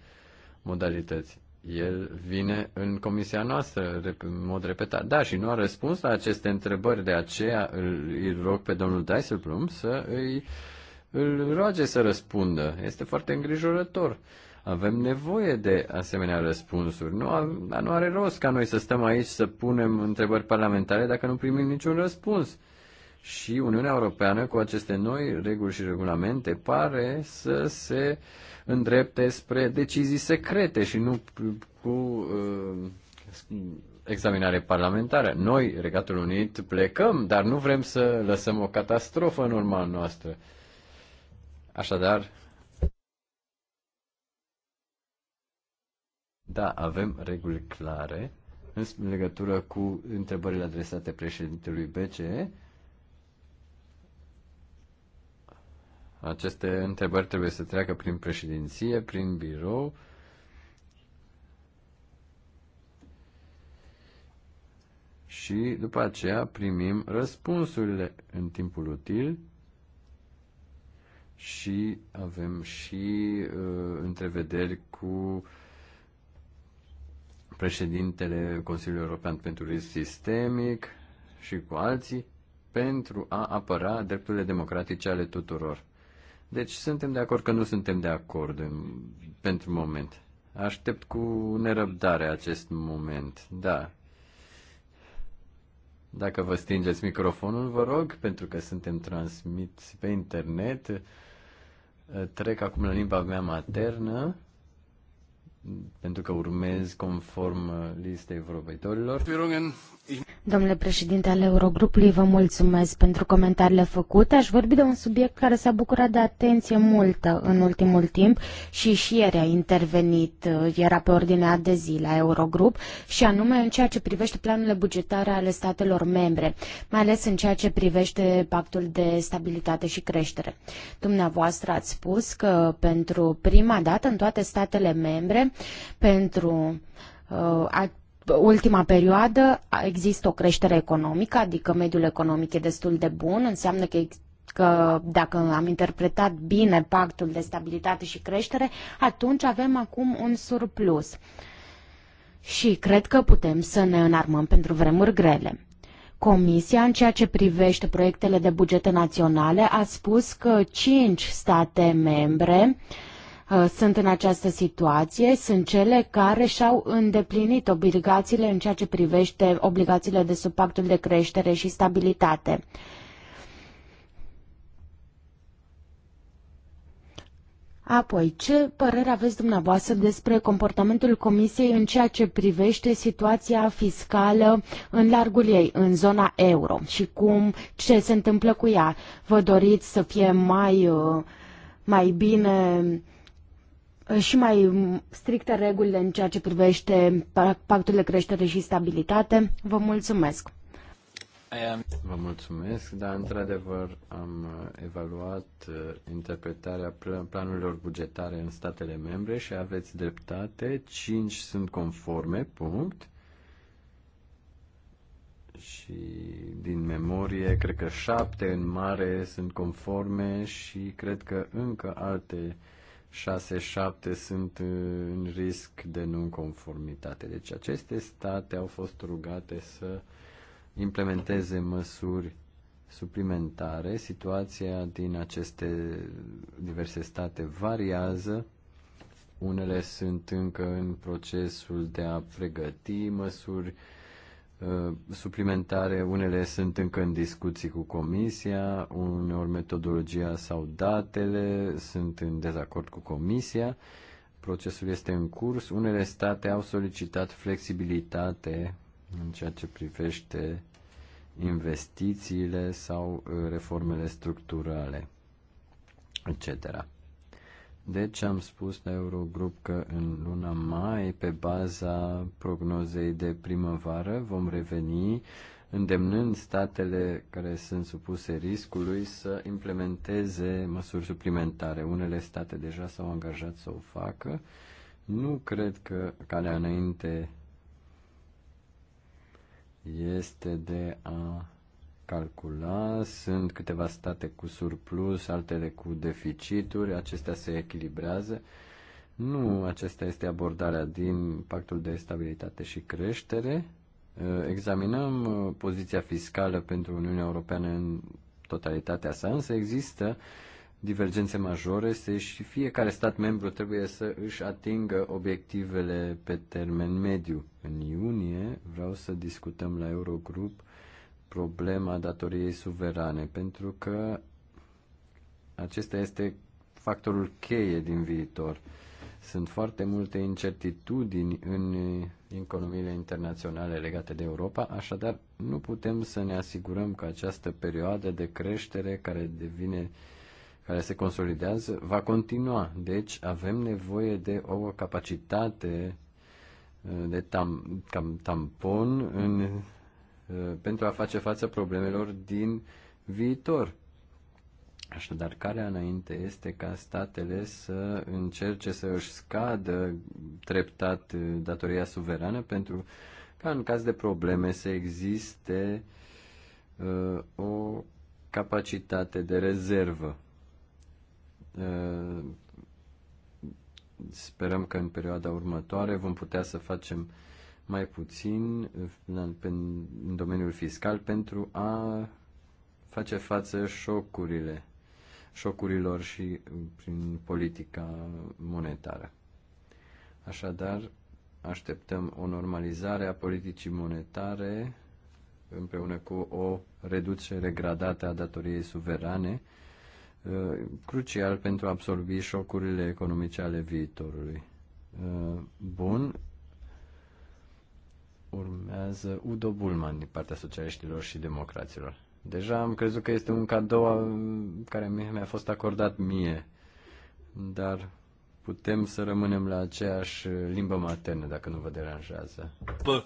modalități. El vine în comisia noastră, în mod repetat. Da, și nu a răspuns la aceste întrebări, de aceea îl, îl rog pe domnul Dijsselbloem să îi, îl roage să răspundă. Este foarte îngrijorător. Uh, avem nevoie de asemenea răspunsuri. Nu, nu are rost ca noi să stăm aici să punem întrebări parlamentare dacă nu primim niciun răspuns. Și Uniunea Europeană, cu aceste noi reguli și regulamente, pare să se îndrepte spre decizii secrete și nu cu uh, examinare parlamentară. Noi, Regatul Unit, plecăm, dar nu vrem să lăsăm o catastrofă în urma noastră. Așadar, Da, avem reguli clare în legătură cu întrebările adresate președintelui BCE. Aceste întrebări trebuie să treacă prin președinție, prin birou. Și după aceea primim răspunsurile în timpul util și avem și uh, întrevederi cu președintele Consiliului European pentru Risc Sistemic și cu alții pentru a apăra drepturile democratice ale tuturor. Deci suntem de acord că nu suntem de acord în, pentru moment. Aștept cu nerăbdare acest moment, da. Dacă vă stingeți microfonul, vă rog, pentru că suntem transmiți pe internet. Trec acum la limba mea maternă pentru că urmez conform uh, listei vorbitorilor. Domnule președinte al Eurogrupului, vă mulțumesc pentru comentariile făcute. Aș vorbi de un subiect care s-a bucurat de atenție multă în ultimul timp și și ieri a intervenit, uh, era pe ordinea de zi la Eurogrup și anume în ceea ce privește planurile bugetare ale statelor membre, mai ales în ceea ce privește pactul de stabilitate și creștere. Dumneavoastră ați spus că pentru prima dată în toate statele membre pentru uh, a, ultima perioadă există o creștere economică, adică mediul economic e destul de bun, înseamnă că că dacă am interpretat bine pactul de stabilitate și creștere, atunci avem acum un surplus. Și cred că putem să ne înarmăm pentru vremuri grele. Comisia, în ceea ce privește proiectele de bugete naționale, a spus că cinci state membre uh, Uh, sunt în această situație sunt cele care și-au îndeplinit obligațiile în ceea ce privește obligațiile de sub pactul de creștere și stabilitate. Apoi, ce părere aveți dumneavoastră despre comportamentul Comisiei în ceea ce privește situația fiscală în largul ei, în zona euro și cum, ce se întâmplă cu ea? Vă doriți să fie mai, uh, mai bine și mai stricte regulile în ceea ce privește pactul de creștere și stabilitate. Vă mulțumesc! Vă mulțumesc, dar într-adevăr am evaluat uh, interpretarea planurilor bugetare în statele membre și aveți dreptate. Cinci sunt conforme, punct. Și din memorie, cred că șapte în mare sunt conforme și cred că încă alte uh, 6-7 sunt uh, în risc de nonconformitate. Deci aceste state au fost rugate să implementeze măsuri suplimentare. Situația din aceste diverse state variază. Unele sunt încă în procesul de a pregăti măsuri uh, Uh, suplimentare, unele sunt încă în discuții cu comisia, uneori metodologia sau datele sunt în dezacord cu comisia, procesul este în curs, unele state au solicitat flexibilitate în ceea ce privește investițiile sau uh, reformele structurale, etc. Deci am spus la Eurogrup că în luna mai, pe baza prognozei de primăvară, vom reveni îndemnând statele care sunt supuse riscului să implementeze măsuri suplimentare. Unele state deja s-au angajat să o facă. Nu cred că calea înainte este de a calcula. Sunt câteva state cu surplus, altele cu deficituri, acestea se echilibrează. Nu, aceasta este abordarea din pactul de stabilitate și creștere. Examinăm uh, poziția fiscală pentru Uniunea Europeană în totalitatea sa, însă există divergențe majore și fiecare stat membru trebuie să își atingă obiectivele pe termen mediu. În iunie vreau să discutăm la Eurogrup problema datoriei suverane, pentru că acesta este factorul cheie din viitor. Sunt foarte multe incertitudini în economiile internaționale legate de Europa, așadar nu putem să ne asigurăm că această perioadă de creștere care devine care se consolidează, va continua. Deci avem nevoie de o capacitate eh, de tam, cam, tampon în Uh, pentru a face față problemelor din viitor. Așadar, care înainte este ca statele să încerce să își scadă treptat uh, datoria suverană pentru ca în caz de probleme să existe uh, o capacitate de rezervă. Uh, sperăm că în perioada următoare vom putea să facem uh, mai puțin în domeniul fiscal pentru a face față șocurile, șocurilor și prin politica monetară. Așadar, așteptăm o normalizare a politicii monetare împreună cu o reducere gradată a datoriei suverane, crucial pentru a absorbi șocurile economice ale viitorului. Bun, Urmează Udo Bulman din partea socialiștilor și democraților. Deja am crezut că este un cadou care mi-a fost acordat mie, dar putem să rămânem la aceeași limbă maternă, dacă nu vă deranjează. Bă.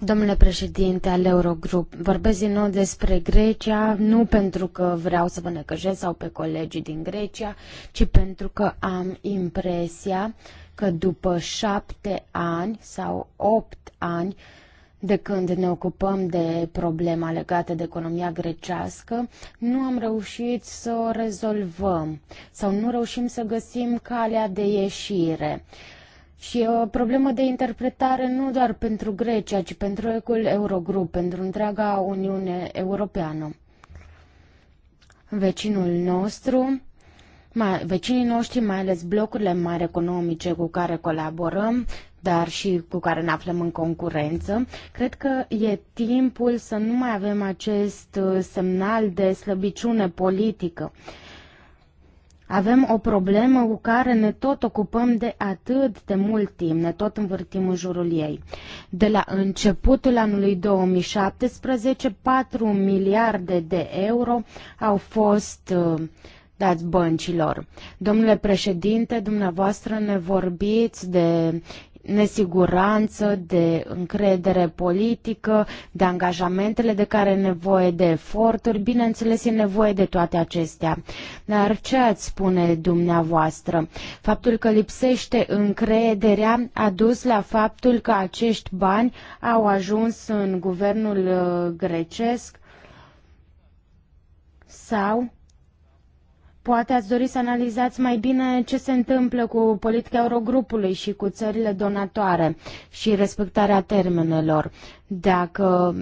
Domnule președinte al Eurogrup, vorbesc din nou despre Grecia, nu pentru că vreau să vă necăjez sau pe colegii din Grecia, ci pentru că am impresia că după șapte ani sau opt ani de când ne ocupăm de problema legată de economia grecească, nu am reușit să o rezolvăm sau nu reușim să găsim calea de ieșire. Și e o problemă de interpretare nu doar pentru Grecia, ci pentru ecul Eurogrup, pentru întreaga Uniune Europeană. Vecinul nostru mai, vecinii noștri, mai ales blocurile mari economice cu care colaborăm, dar și cu care ne aflăm în concurență. Cred că e timpul să nu mai avem acest uh, semnal de slăbiciune politică. Avem o problemă cu care ne tot ocupăm de atât de mult timp, ne tot învârtim în jurul ei. De la începutul anului 2017, 4 miliarde de euro au fost uh, dați băncilor. Domnule președinte, dumneavoastră ne vorbiți de nesiguranță, de încredere politică, de angajamentele de care e nevoie, de eforturi, bineînțeles e nevoie de toate acestea. Dar ce ați spune dumneavoastră? Faptul că lipsește încrederea a dus la faptul că acești bani au ajuns în guvernul uh, grecesc sau Poate ați dori să analizați mai bine ce se întâmplă cu politica Eurogrupului și cu țările donatoare și respectarea termenelor, dacă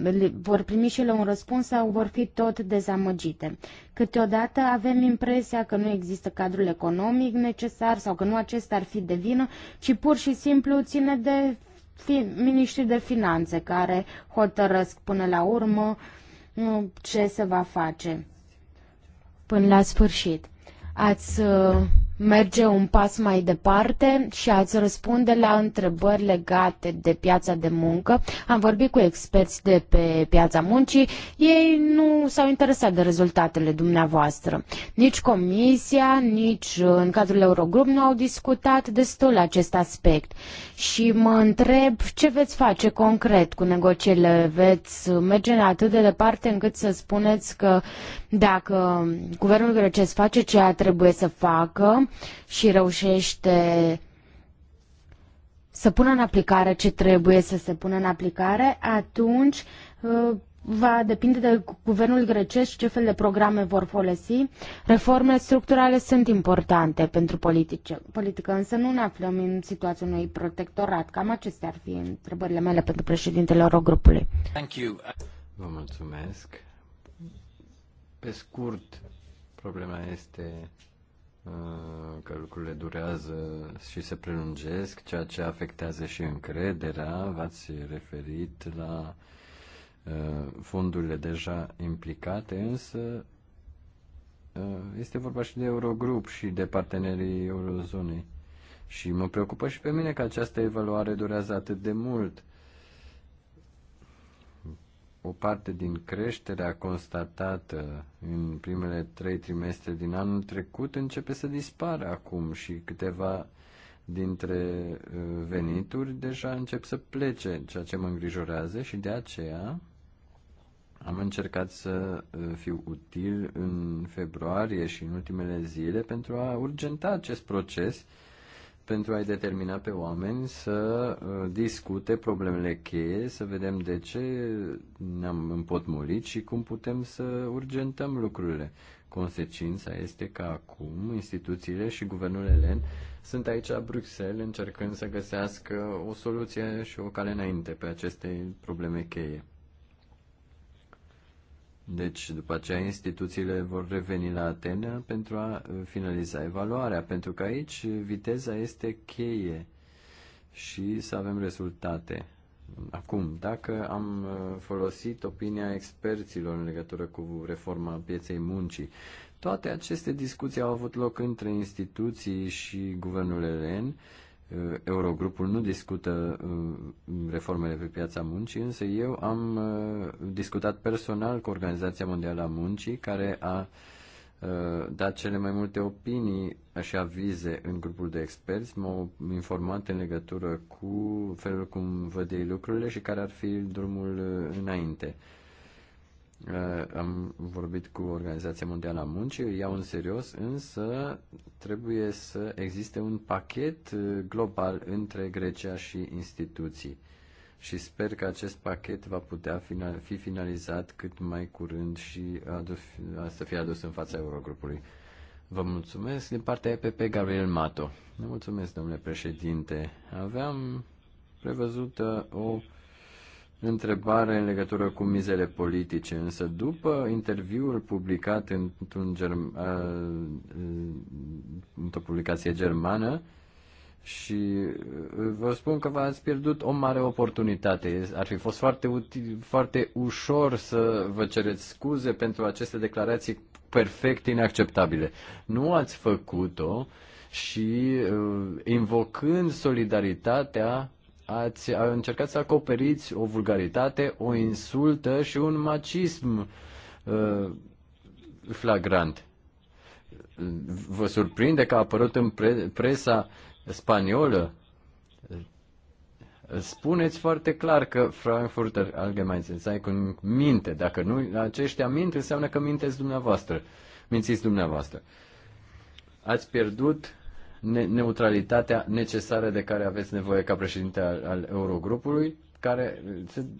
vor primi și ele un răspuns sau vor fi tot dezamăgite. Câteodată avem impresia că nu există cadrul economic necesar sau că nu acesta ar fi de vină, ci pur și simplu ține de fi, miniștri de finanțe care hotărăsc până la urmă uh, ce se va face până la sfârșit. Ați uh, merge un pas mai departe și ați răspunde la întrebări legate de piața de muncă. Am vorbit cu experți de pe piața muncii, ei nu s-au interesat de rezultatele dumneavoastră. Nici comisia, nici uh, în cadrul Eurogrup nu au discutat destul acest aspect. Și mă întreb ce veți face concret cu negocierile. Veți uh, merge atât de departe încât să spuneți că dacă guvernul grecesc face ceea trebuie să facă, și reușește să pună în aplicare ce trebuie să se pună în aplicare, atunci uh, va depinde de guvernul grecesc ce fel de programe vor folosi. Reformele structurale sunt importante pentru politice, politică, însă nu ne aflăm în situația unui protectorat. Cam acestea ar fi întrebările mele pentru președintele Eurogrupului. Thank you. Vă mulțumesc. Pe scurt, problema este Uh, că lucrurile durează și se prelungesc, ceea ce afectează și încrederea. V-ați referit la uh, fondurile deja implicate, însă uh, este vorba și de Eurogrup și de partenerii Eurozonei. Și mă preocupă și pe mine că această evaluare durează atât de mult. Uh, o parte din creșterea constatată în primele trei trimestre din anul trecut începe să dispară acum și câteva dintre uh, venituri deja încep să plece, ceea ce mă îngrijorează și de aceea am încercat să uh, fiu util în februarie și în ultimele zile pentru a urgenta acest proces pentru a-i determina pe oameni să uh, discute problemele cheie, să vedem de ce ne-am împotmolit și cum putem să urgentăm lucrurile. Consecința este că acum instituțiile și guvernul elen sunt aici la Bruxelles încercând să găsească o soluție și o cale înainte pe aceste probleme cheie. Deci, după aceea, instituțiile vor reveni la Atena pentru a uh, finaliza evaluarea, pentru că aici uh, viteza este cheie și să avem rezultate. Acum, dacă am uh, folosit opinia experților în legătură cu reforma pieței muncii, toate aceste discuții au avut loc între instituții și guvernul elen Uh, Eurogrupul nu discută uh, reformele pe piața muncii, însă eu am uh, discutat personal cu Organizația Mondială a Muncii, care a dat cele mai multe opinii și avize în grupul de experți, m-au informat în legătură cu felul cum văd ei lucrurile și care ar fi drumul înainte. Eh, am vorbit cu Organizația Mondială a Muncii, iau în serios, însă trebuie să existe un pachet eh, global între Grecia și instituții. Și sper că acest pachet va putea fi finalizat cât mai curând și să fie adus în fața Eurogrupului. Vă mulțumesc. Din partea EPP, Gabriel Mato. Vă mulțumesc, domnule președinte. Aveam prevăzută o întrebare în legătură cu mizele politice, însă după interviul publicat într-un germ, într-o publicație germană, și vă spun că v-ați pierdut o mare oportunitate. Ar fi fost foarte, util, foarte ușor să vă cereți scuze pentru aceste declarații perfect inacceptabile. Nu ați făcut-o și invocând solidaritatea ați încercat să acoperiți o vulgaritate, o insultă și un macism uh, flagrant. Vă surprinde că a apărut în pre- presa spaniolă? Spuneți foarte clar că Frankfurter Allgemeine Zeitung minte. Dacă nu, aceștia mint, înseamnă că minteți dumneavoastră. Mințiți dumneavoastră. Ați pierdut neutralitatea necesară de care aveți nevoie ca președinte al, al Eurogrupului, care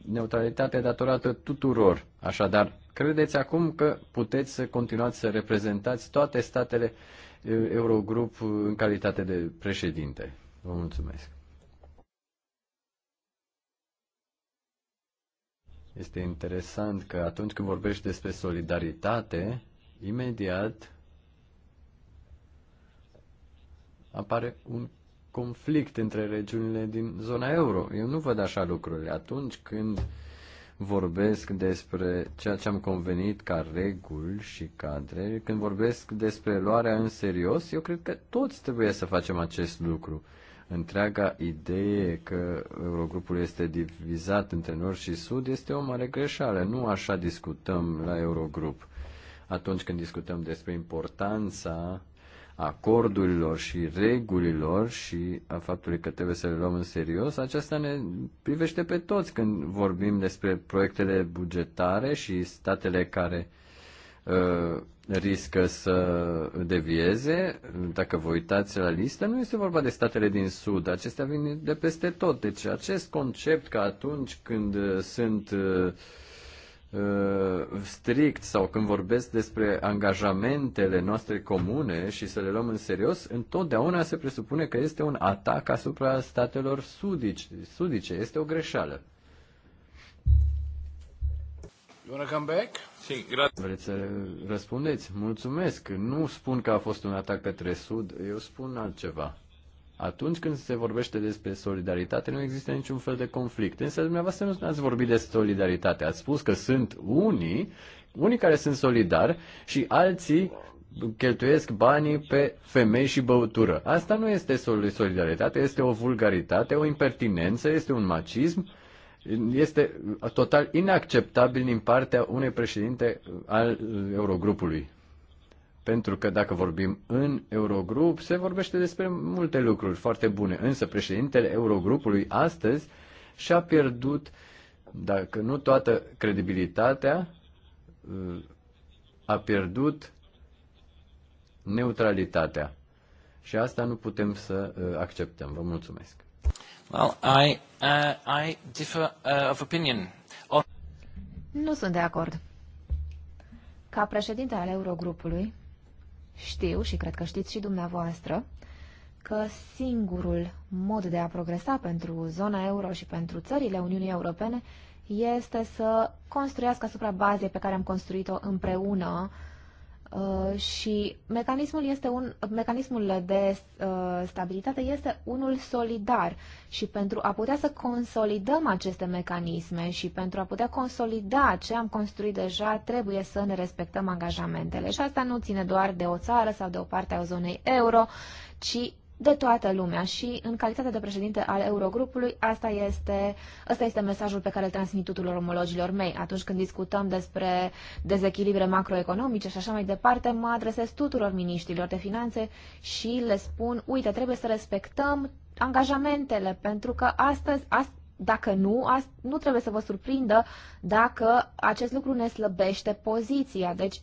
neutralitatea datorată tuturor. Așadar, credeți acum că puteți să continuați să reprezentați toate statele Eurogrup în calitate de președinte? Vă mulțumesc. Este interesant că atunci când vorbești despre solidaritate, imediat apare un conflict între regiunile din zona euro. Eu nu văd așa lucrurile. Atunci când vorbesc despre ceea ce am convenit ca reguli și cadre, când vorbesc despre luarea în serios, eu cred că toți trebuie să facem acest lucru. Întreaga idee că Eurogrupul este divizat între nord și sud este o mare greșeală. Nu așa discutăm la Eurogrup. Atunci când discutăm despre importanța acordurilor și regulilor și a faptului că trebuie să le luăm în serios, aceasta ne privește pe toți când vorbim despre proiectele bugetare și statele care uh, riscă să devieze. Dacă vă uitați la listă, nu este vorba de statele din Sud, acestea vin de peste tot. Deci acest concept că atunci când uh, sunt uh, Uh, strict sau când vorbesc despre angajamentele noastre comune și să le luăm în serios, întotdeauna se presupune că este un atac asupra statelor sudice. sudice. Este o greșeală. You come back? Vreți să răspundeți? Mulțumesc. Nu spun că a fost un atac către Sud, eu spun altceva. Atunci când se vorbește despre solidaritate, nu există niciun fel de conflict. Însă dumneavoastră nu ați vorbit de solidaritate. Ați spus că sunt unii, unii care sunt solidari și alții cheltuiesc banii pe femei și băutură. Asta nu este solidaritate, este o vulgaritate, o impertinență, este un macism, este total inacceptabil din partea unei președinte al Eurogrupului. Pentru că dacă vorbim în Eurogrup, se vorbește despre multe lucruri foarte bune. Însă președintele Eurogrupului astăzi și-a pierdut, dacă nu toată credibilitatea, uh, a pierdut neutralitatea. Și asta nu putem să uh, acceptăm. Vă mulțumesc. Well, I, uh, I differ uh, of opinion. Nu sunt de acord. Ca președinte al Eurogrupului, știu și cred că știți și dumneavoastră că singurul mod de a progresa pentru zona euro și pentru țările Uniunii Europene este să construiască asupra bazei pe care am construit-o împreună uh, Uh, și mecanismul, este un, mecanismul de uh, stabilitate este unul solidar și pentru a putea să consolidăm aceste mecanisme și pentru a putea consolida ce am construit deja, trebuie să ne respectăm angajamentele. Și asta nu ține doar de o țară sau de o parte a zonei euro, ci de toată lumea și în calitate de președinte al Eurogrupului, asta este, asta este mesajul pe care îl transmit tuturor omologilor mei. Atunci când discutăm despre dezechilibre macroeconomice și așa mai departe, mă adresez tuturor miniștrilor de finanțe și le spun, uite, trebuie să respectăm angajamentele, pentru că astăzi, ast- dacă nu, ast- nu trebuie să vă surprindă dacă acest lucru ne slăbește poziția. Deci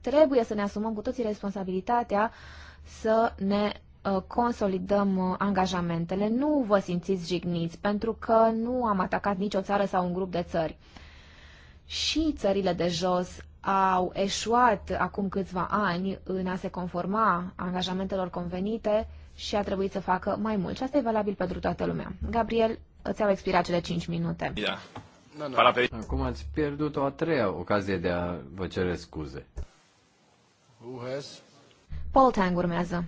trebuie să ne asumăm cu toții responsabilitatea să ne Uh, consolidăm uh, angajamentele. Nu vă simțiți jigniți pentru că nu am atacat nicio țară sau un grup de țări. Și țările de jos au eșuat acum câțiva ani în a se conforma angajamentelor convenite și a trebuit să facă mai mult. Și asta e valabil pentru toată lumea. Gabriel, îți au expirat cele 5 minute. Da. No, no. Acum ați pierdut o a treia ocazie de a vă cere scuze. Paul Tang urmează.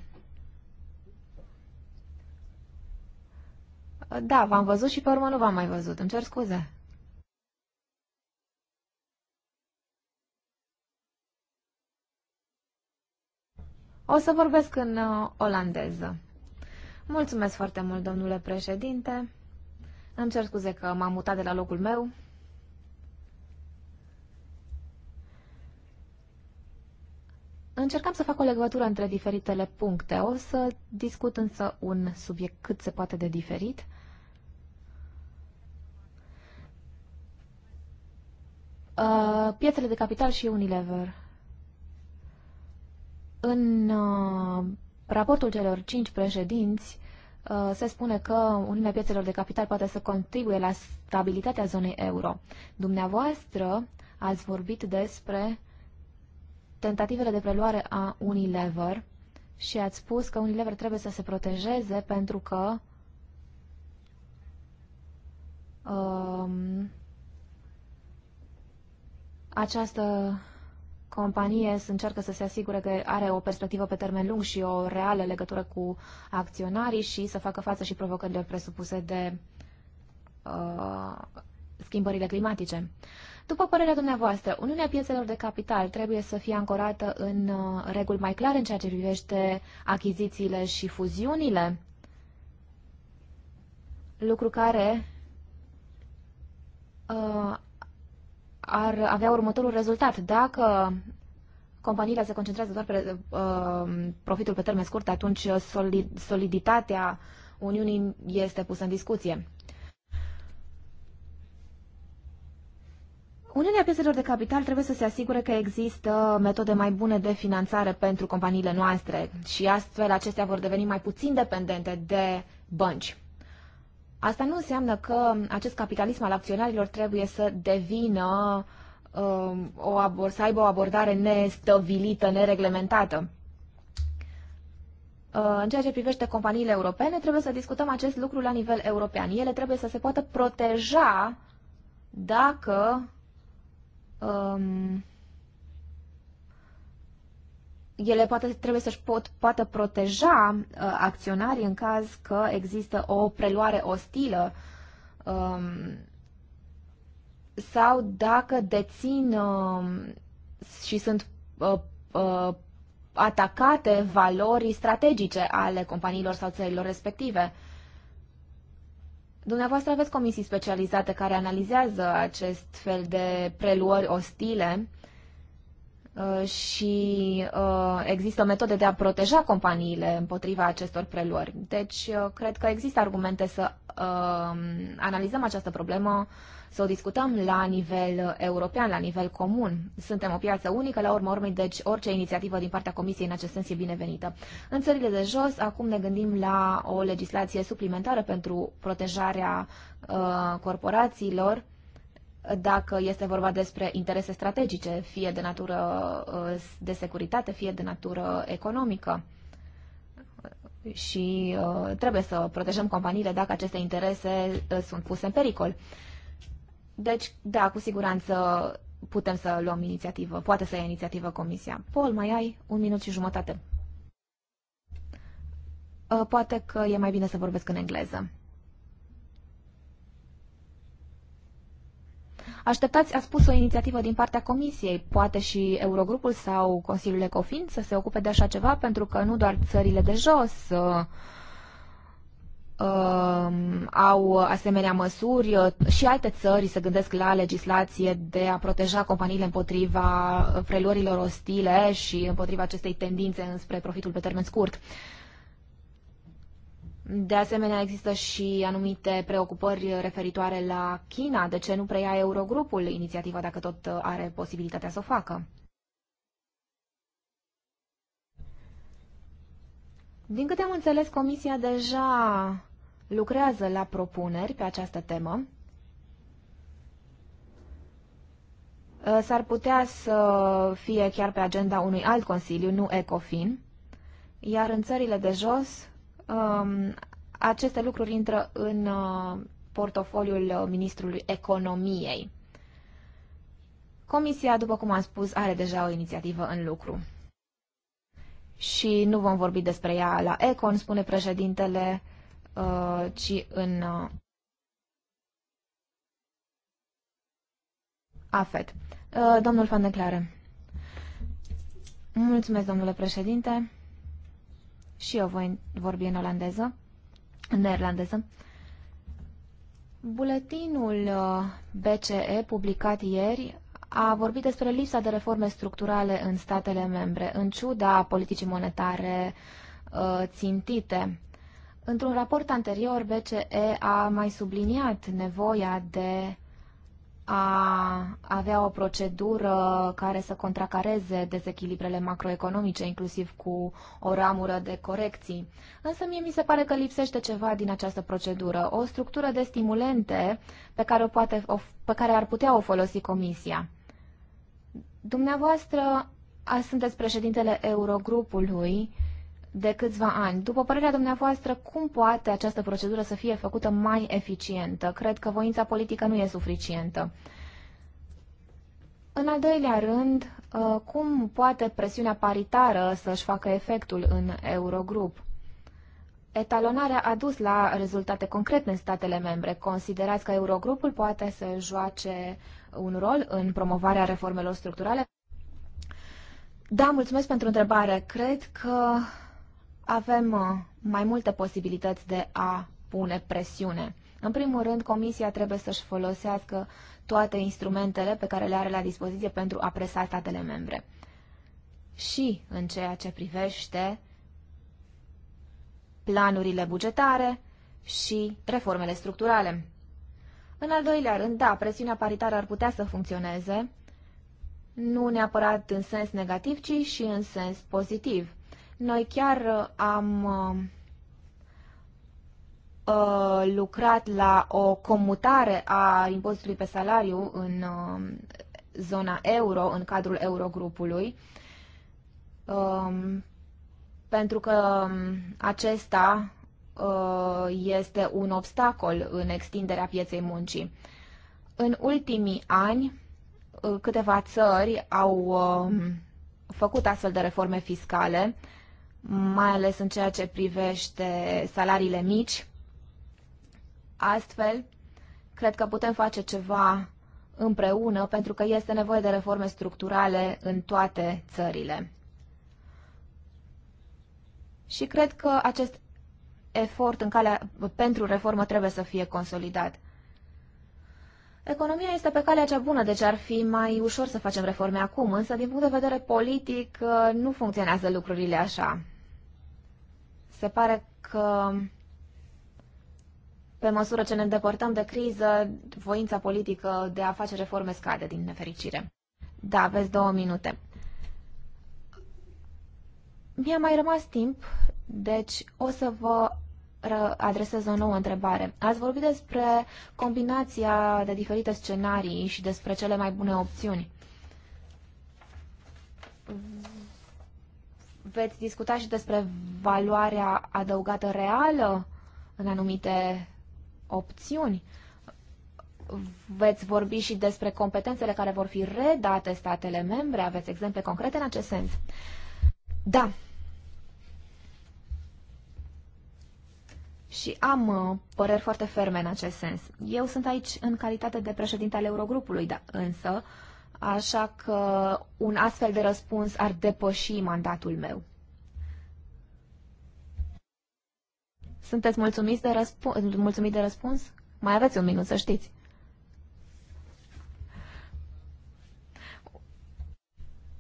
Da, v-am văzut și pe urmă nu v-am mai văzut. Îmi cer scuze. O să vorbesc în uh, olandeză. Mulțumesc foarte mult, domnule președinte. Îmi cer scuze că m-am mutat de la locul meu. Încercam să fac o legătură între diferitele puncte. O să discut însă un subiect cât se poate de diferit. Uh, piețele de capital și Unilever. În uh, raportul celor cinci președinți uh, se spune că Uniunea Piețelor de Capital poate să contribuie la stabilitatea zonei euro. Dumneavoastră ați vorbit despre tentativele de preluare a Unilever și ați spus că Unilever trebuie să se protejeze pentru că um, această companie să încearcă să se asigure că are o perspectivă pe termen lung și o reală legătură cu acționarii și să facă față și provocărilor presupuse de uh, schimbările climatice. După părerea dumneavoastră, Uniunea Piețelor de Capital trebuie să fie ancorată în uh, reguli mai clare în ceea ce privește achizițiile și fuziunile? Lucru care uh, ar avea următorul rezultat. Dacă companiile se concentrează doar pe uh, profitul pe termen scurt, atunci solid, soliditatea Uniunii este pusă în discuție. Uniunea pieselor de capital trebuie să se asigure că există metode mai bune de finanțare pentru companiile noastre și astfel acestea vor deveni mai puțin dependente de bănci. Asta nu înseamnă că acest capitalism al acționarilor trebuie să devină um, o abor- să aibă o abordare nestăvilită, nereglementată. Uh, în ceea ce privește companiile europene, trebuie să discutăm acest lucru la nivel european. Ele trebuie să se poată proteja dacă um, ele poate, trebuie să-și pot, poată proteja uh, acționarii în caz că există o preluare ostilă um, sau dacă dețin uh, și sunt uh, uh, atacate valorii strategice ale companiilor sau țărilor respective. Uh, Dumneavoastră aveți comisii specializate care analizează acest fel de preluări ostile Uh, și uh, există metode de a proteja companiile împotriva acestor preluări. Deci, uh, cred că există argumente să analizăm această problemă, să o discutăm la nivel european, la nivel comun. Suntem o piață unică, la urma urmei, deci orice inițiativă din partea Comisiei în acest sens e binevenită. În țările de jos, acum ne gândim la o legislație suplimentară pentru protejarea corporațiilor dacă este vorba despre interese strategice, fie de natură uh, de securitate, fie de natură economică. Și uh, trebuie să protejăm companiile dacă aceste interese uh, sunt puse în pericol. Deci, da, cu siguranță putem să luăm inițiativă, poate să ia inițiativă Comisia. Paul, mai ai un minut și jumătate. Poate că e mai bine să vorbesc în engleză. Așteptați, a spus, o inițiativă din partea Comisiei, poate și Eurogrupul sau Consiliul Ecofin să se ocupe de așa ceva, pentru că nu doar țările de jos uh, uh, au asemenea măsuri și alte țări se gândesc la legislație de a proteja companiile împotriva preluărilor ostile și împotriva acestei tendințe înspre profitul pe termen scurt. Uh, de asemenea, există și anumite preocupări referitoare la China. De ce nu preia Eurogrupul inițiativa dacă tot uh, are posibilitatea să o facă? Din câte am înțeles, Comisia deja lucrează la propuneri pe această temă. Uh, s-ar putea să fie chiar pe agenda unui alt consiliu, nu ECOFIN, iar în țările de jos um, aceste lucruri intră în uh, portofoliul uh, Ministrului Economiei. Comisia, după cum am spus, are deja o inițiativă în lucru. Și nu vom vorbi despre ea la Econ, spune președintele, uh, ci în uh, AFET. Uh, domnul Fandeclare. Mulțumesc, domnule președinte. Și eu voi vorbi în olandeză, în neerlandeză. Buletinul uh, BCE, publicat ieri, a vorbit despre lipsa de reforme structurale în statele membre, în ciuda politicii monetare uh, țintite. Într-un raport anterior, BCE a mai subliniat nevoia de a avea o procedură care să contracareze dezechilibrele macroeconomice, inclusiv cu o ramură de corecții. Însă mie mi se pare că lipsește ceva din această procedură, o structură de stimulente pe care, o poate, o, pe care ar putea o folosi Comisia. Dumneavoastră sunteți președintele Eurogrupului de câțiva ani. După părerea dumneavoastră, cum poate această procedură să fie făcută mai eficientă? Cred că voința politică nu e suficientă. În al doilea rând, uh, cum poate presiunea paritară să-și facă efectul în Eurogrup? Etalonarea a dus la rezultate concrete în statele membre. Considerați că Eurogrupul poate să joace un rol în promovarea reformelor structurale? Da, mulțumesc pentru întrebare. Cred că avem uh, mai multe posibilități de a pune presiune. În primul rând, Comisia trebuie să-și folosească toate instrumentele pe care le are la dispoziție pentru a presa statele membre. Și în ceea ce privește planurile bugetare și reformele structurale. În al doilea rând, da, presiunea paritară ar putea să funcționeze, nu neapărat în sens negativ, ci și în sens pozitiv – noi chiar uh, am uh, uh, lucrat la o comutare a impozitului pe salariu în uh, zona euro, în cadrul eurogrupului, um, pentru că um, acesta uh, este un obstacol în extinderea pieței muncii. În ultimii ani, câteva țări au făcut astfel de reforme fiscale, mai ales în ceea ce privește salariile mici. Astfel, cred că putem face ceva împreună pentru că este nevoie de reforme structurale în toate țările. Și cred că acest efort în calea pentru reformă trebuie să fie consolidat. Economia este pe calea cea bună, deci ar fi mai ușor să facem reforme acum, însă din punct de vedere politic uh, nu funcționează lucrurile așa. Se pare că pe măsură ce ne îndepărtăm de criză, voința politică de a face reforme scade, din nefericire. Da, aveți două minute. Mi-a mai rămas timp, deci o să vă adresez o nouă întrebare. Ați vorbit despre combinația de diferite scenarii și despre cele mai bune opțiuni. Veți discuta și despre valoarea adăugată reală în anumite opțiuni? Veți vorbi și despre competențele care vor fi redate statele membre? Aveți exemple concrete în acest sens? Da, și am uh, păreri foarte ferme în acest sens. Eu sunt aici în calitate de președinte al Eurogrupului, da, însă, așa că un astfel de răspuns ar depăși mandatul meu. Sunteți mulțumiți de răspuns? Mulțumit de răspuns? Mai aveți un minut, să știți.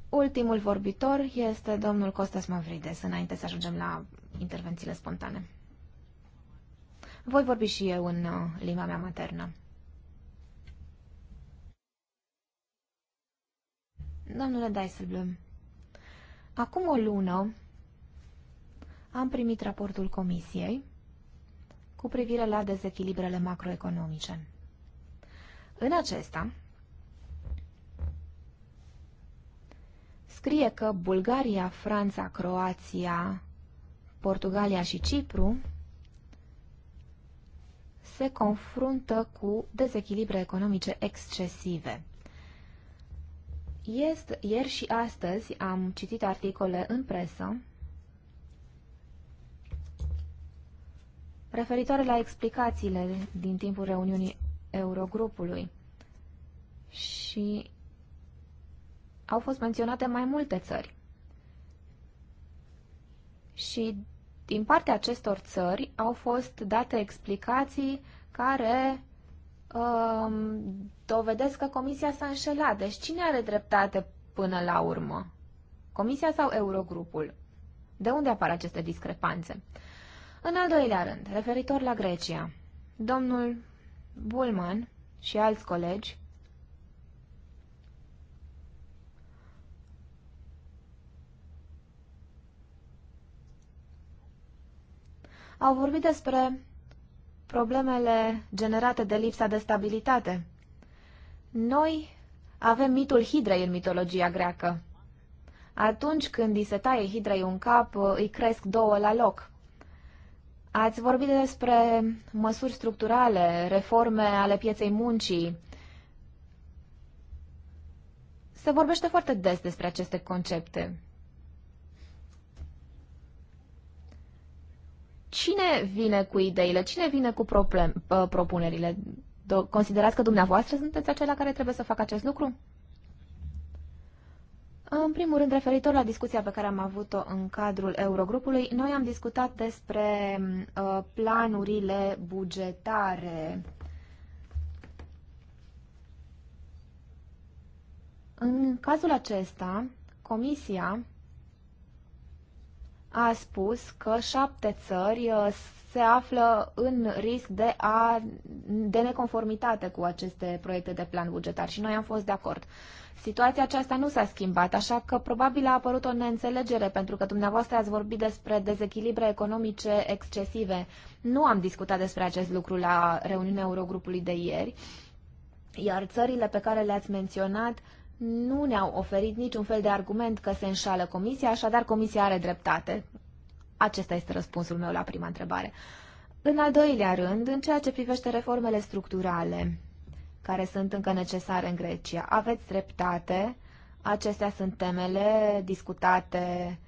Ultimul vorbitor este domnul Costas Mavrides, înainte să ajungem la intervențiile spontane. Voi vorbi și eu în uh, limba mea maternă. Domnule Dijsselbloem, acum o lună am primit raportul Comisiei cu privire la dezechilibrele macroeconomice. În acesta scrie că Bulgaria, Franța, Croația, Portugalia și Cipru se confruntă cu dezechilibre economice excesive. Este, ieri și astăzi am citit articole în presă referitoare la explicațiile din timpul reuniunii Eurogrupului și au fost menționate mai multe țări. Și din partea acestor țări au fost date explicații care um, dovedesc că Comisia s-a înșelat. Deci cine are dreptate până la urmă? Comisia sau Eurogrupul? De unde apar aceste discrepanțe? În al doilea rând, referitor la Grecia, domnul Bulman și alți colegi au vorbit despre problemele generate de lipsa de stabilitate. Noi avem mitul hidrei în mitologia greacă. Atunci când îi se taie hidrei un cap, îi cresc două la loc. Ați vorbit despre măsuri structurale, reforme ale pieței muncii. Se vorbește foarte des despre aceste concepte. Cine vine cu ideile? Cine vine cu problem, uh, propunerile? Considerați că dumneavoastră sunteți acela care trebuie să facă acest lucru? În primul rând, referitor la discuția pe care am avut-o în cadrul Eurogrupului, noi am discutat despre mm, uh, planurile bugetare. În cazul acesta, Comisia a spus că șapte țări uh, se află în risc de, a, de neconformitate cu aceste proiecte de plan bugetar și noi am fost de acord. Situația aceasta nu s-a schimbat, așa că probabil a apărut o neînțelegere, pentru că dumneavoastră ați vorbit despre dezechilibre economice excesive. Nu am discutat despre acest lucru la reuniunea Eurogrupului de ieri, iar țările pe care le-ați menționat uh, nu ne-au oferit niciun fel de argument că se înșală comisia, așadar comisia are dreptate. Acesta este răspunsul meu la prima întrebare. În al doilea rând, în ceea ce privește reformele structurale care sunt încă necesare în Grecia, aveți dreptate, acestea sunt temele discutate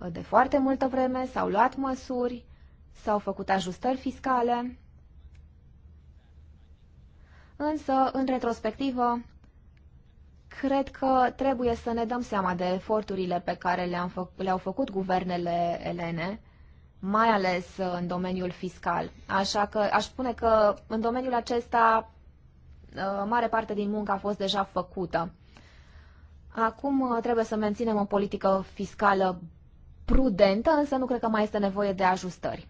uh, de foarte multă vreme, s-au luat măsuri, s-au făcut ajustări fiscale, însă, în retrospectivă, Cred că trebuie să ne dăm seama de eforturile pe care le-au fă- le făcut guvernele elene, mai ales uh, în domeniul fiscal. Așa că aș spune că în domeniul acesta uh, mare parte din muncă a fost deja făcută. Acum uh, trebuie să menținem o politică fiscală prudentă, însă nu cred că mai este nevoie de ajustări.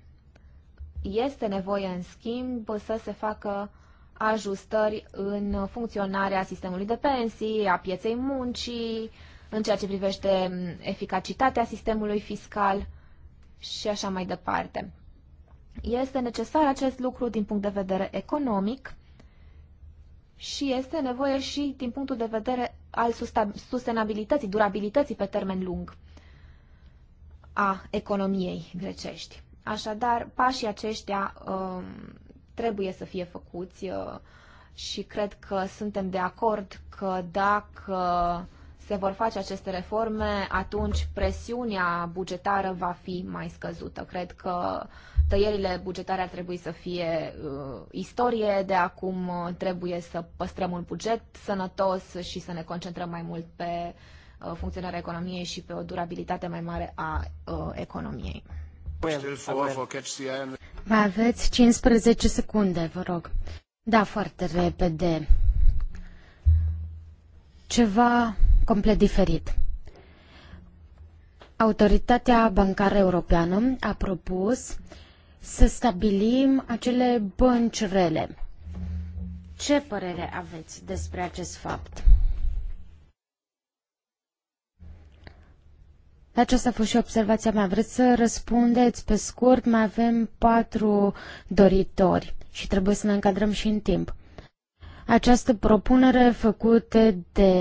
Este nevoie, în schimb, să se facă ajustări în funcționarea sistemului de pensii, a pieței muncii, în ceea ce privește eficacitatea sistemului fiscal și așa mai departe. Este necesar acest lucru din punct de vedere economic și este nevoie și din punctul de vedere al sustenabilității, durabilității pe termen lung a economiei grecești. Așadar, pașii aceștia ă, trebuie să fie făcuți uh, și cred că suntem de acord că dacă se vor face aceste reforme, atunci presiunea bugetară va fi mai scăzută. Cred că tăierile bugetare ar trebui să fie uh, istorie, de acum uh, trebuie să păstrăm un buget sănătos și să ne concentrăm mai mult pe uh, funcționarea economiei și pe o durabilitate mai mare a uh, economiei. Mai aveți 15 secunde, vă rog. Da, foarte repede. Ceva complet diferit. Autoritatea Bancară Europeană a propus să stabilim acele bănci rele. Ce părere aveți despre acest fapt? Aceasta a fost și observația mea. Vreți să răspundeți pe scurt? Mai avem patru doritori și trebuie să ne încadrăm și în timp. Această propunere făcută de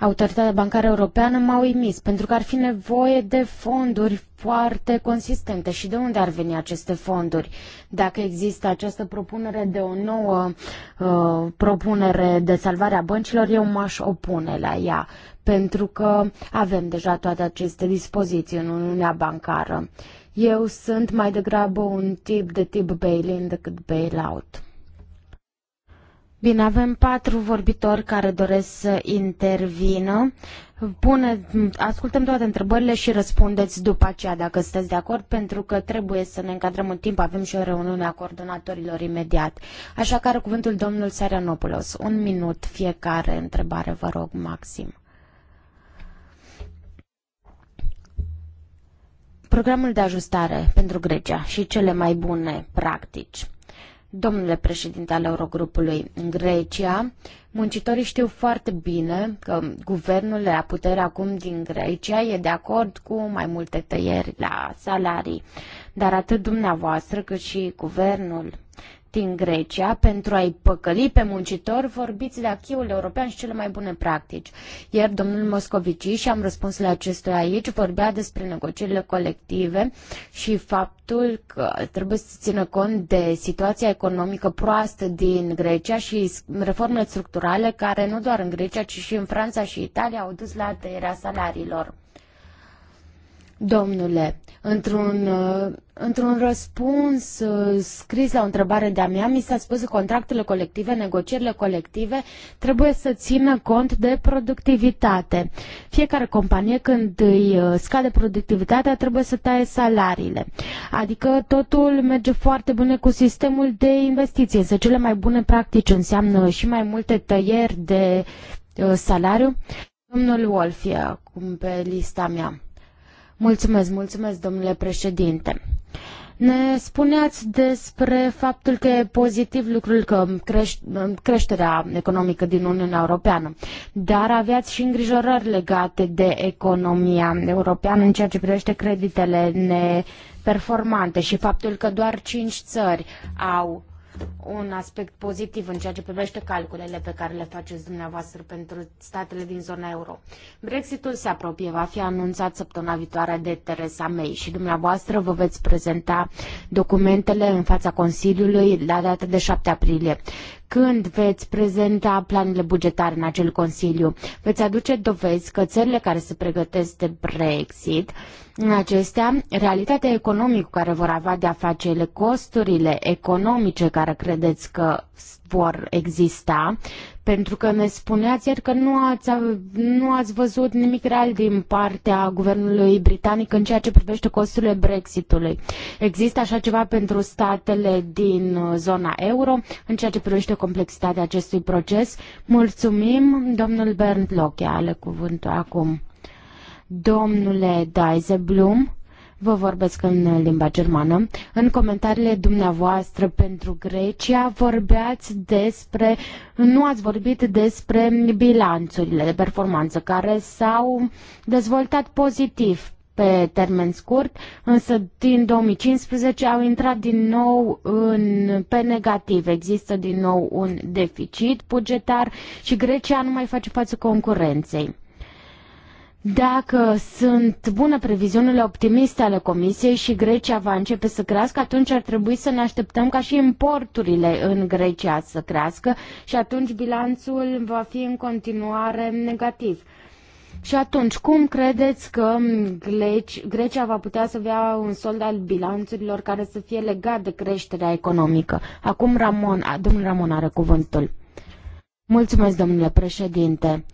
Autoritatea Bancară Europeană m-a uimit, pentru că ar fi nevoie de fonduri foarte consistente. Și de unde ar veni aceste fonduri? Dacă există această propunere de o nouă uh, propunere de salvare a băncilor, eu m-aș opune la ea pentru că avem deja toate aceste dispoziții în Uniunea Bancară. Eu sunt mai degrabă un tip de tip bail-in decât bail-out. Bine, avem patru vorbitori care doresc să intervină. Pune, ascultăm toate întrebările și răspundeți după aceea dacă sunteți de acord, pentru că trebuie să ne încadrăm în timp. Avem și o reuniune a coordonatorilor imediat. Așa că are cuvântul domnul Sarianopoulos. Un minut fiecare întrebare, vă rog, maxim. Programul de ajustare pentru Grecia și cele mai bune practici. Domnule președinte al Eurogrupului, în Grecia, muncitorii știu foarte bine că guvernul la putere acum din Grecia e de acord cu mai multe tăieri la salarii, dar atât dumneavoastră cât și guvernul din Grecia pentru a-i păcăli pe muncitori, vorbiți de achiul european și cele mai bune practici. Iar domnul Moscovici, și am răspuns la acestuia aici, vorbea despre negocierile colective și faptul că trebuie să țină cont de situația economică proastă din Grecia și reformele structurale care nu doar în Grecia, ci și în Franța și Italia au dus la tăierea salariilor. Domnule, într-un, uh, într-un răspuns uh, scris la o întrebare de-a mea, mi s-a spus că contractele colective, negocierile colective, trebuie să țină cont de productivitate. Fiecare companie, când îi uh, scade productivitatea, trebuie să taie salariile. Adică totul merge foarte bine cu sistemul de investiții, însă cele mai bune practici înseamnă și mai multe tăieri de salariu. Domnul Wolf e acum pe lista mea. Mulțumesc, mulțumesc, domnule președinte. Ne spuneați despre faptul că e pozitiv lucrul că creșterea economică din Uniunea Europeană, dar aveați și îngrijorări legate de economia europeană în ceea ce privește creditele neperformante și faptul că doar cinci țări au un aspect pozitiv în ceea ce privește calculele pe care le faceți dumneavoastră pentru statele din zona euro. Brexitul se apropie, va fi anunțat săptămâna viitoare de teresa May și dumneavoastră vă veți prezenta documentele în fața Consiliului la data de 7 aprilie. Când veți prezenta planurile bugetare în acel Consiliu? Veți aduce dovezi că țările care se pregătesc de Brexit, în acestea, realitatea economică care vor avea de-a face ele, costurile economice care credeți că vor exista, pentru că ne spuneați ieri că nu ați, nu ați văzut nimic real din partea guvernului britanic în ceea ce privește costurile Brexitului. Există așa ceva pentru statele din uh, zona euro în ceea ce privește complexitatea acestui proces? Mulțumim, domnul Bernd Loche, ale cuvântul acum. Domnule Dijsselbloem, Vă vorbesc în limba germană. În comentariile dumneavoastră pentru Grecia vorbeați despre, nu ați vorbit despre bilanțurile de performanță care s-au dezvoltat pozitiv pe termen scurt, însă din 2015 au intrat din nou în, pe negativ. Există din nou un deficit bugetar și Grecia nu mai face față concurenței. Dacă sunt bune previziunile optimiste ale Comisiei și Grecia va începe să crească, atunci ar trebui să ne așteptăm ca și importurile în Grecia să crească și atunci bilanțul va fi în continuare negativ. Și atunci, cum credeți că Grecia va putea să avea un sold al bilanțurilor care să fie legat de creșterea economică? Acum Ramon, domnul Ramon are cuvântul. Mulțumesc, domnule președinte.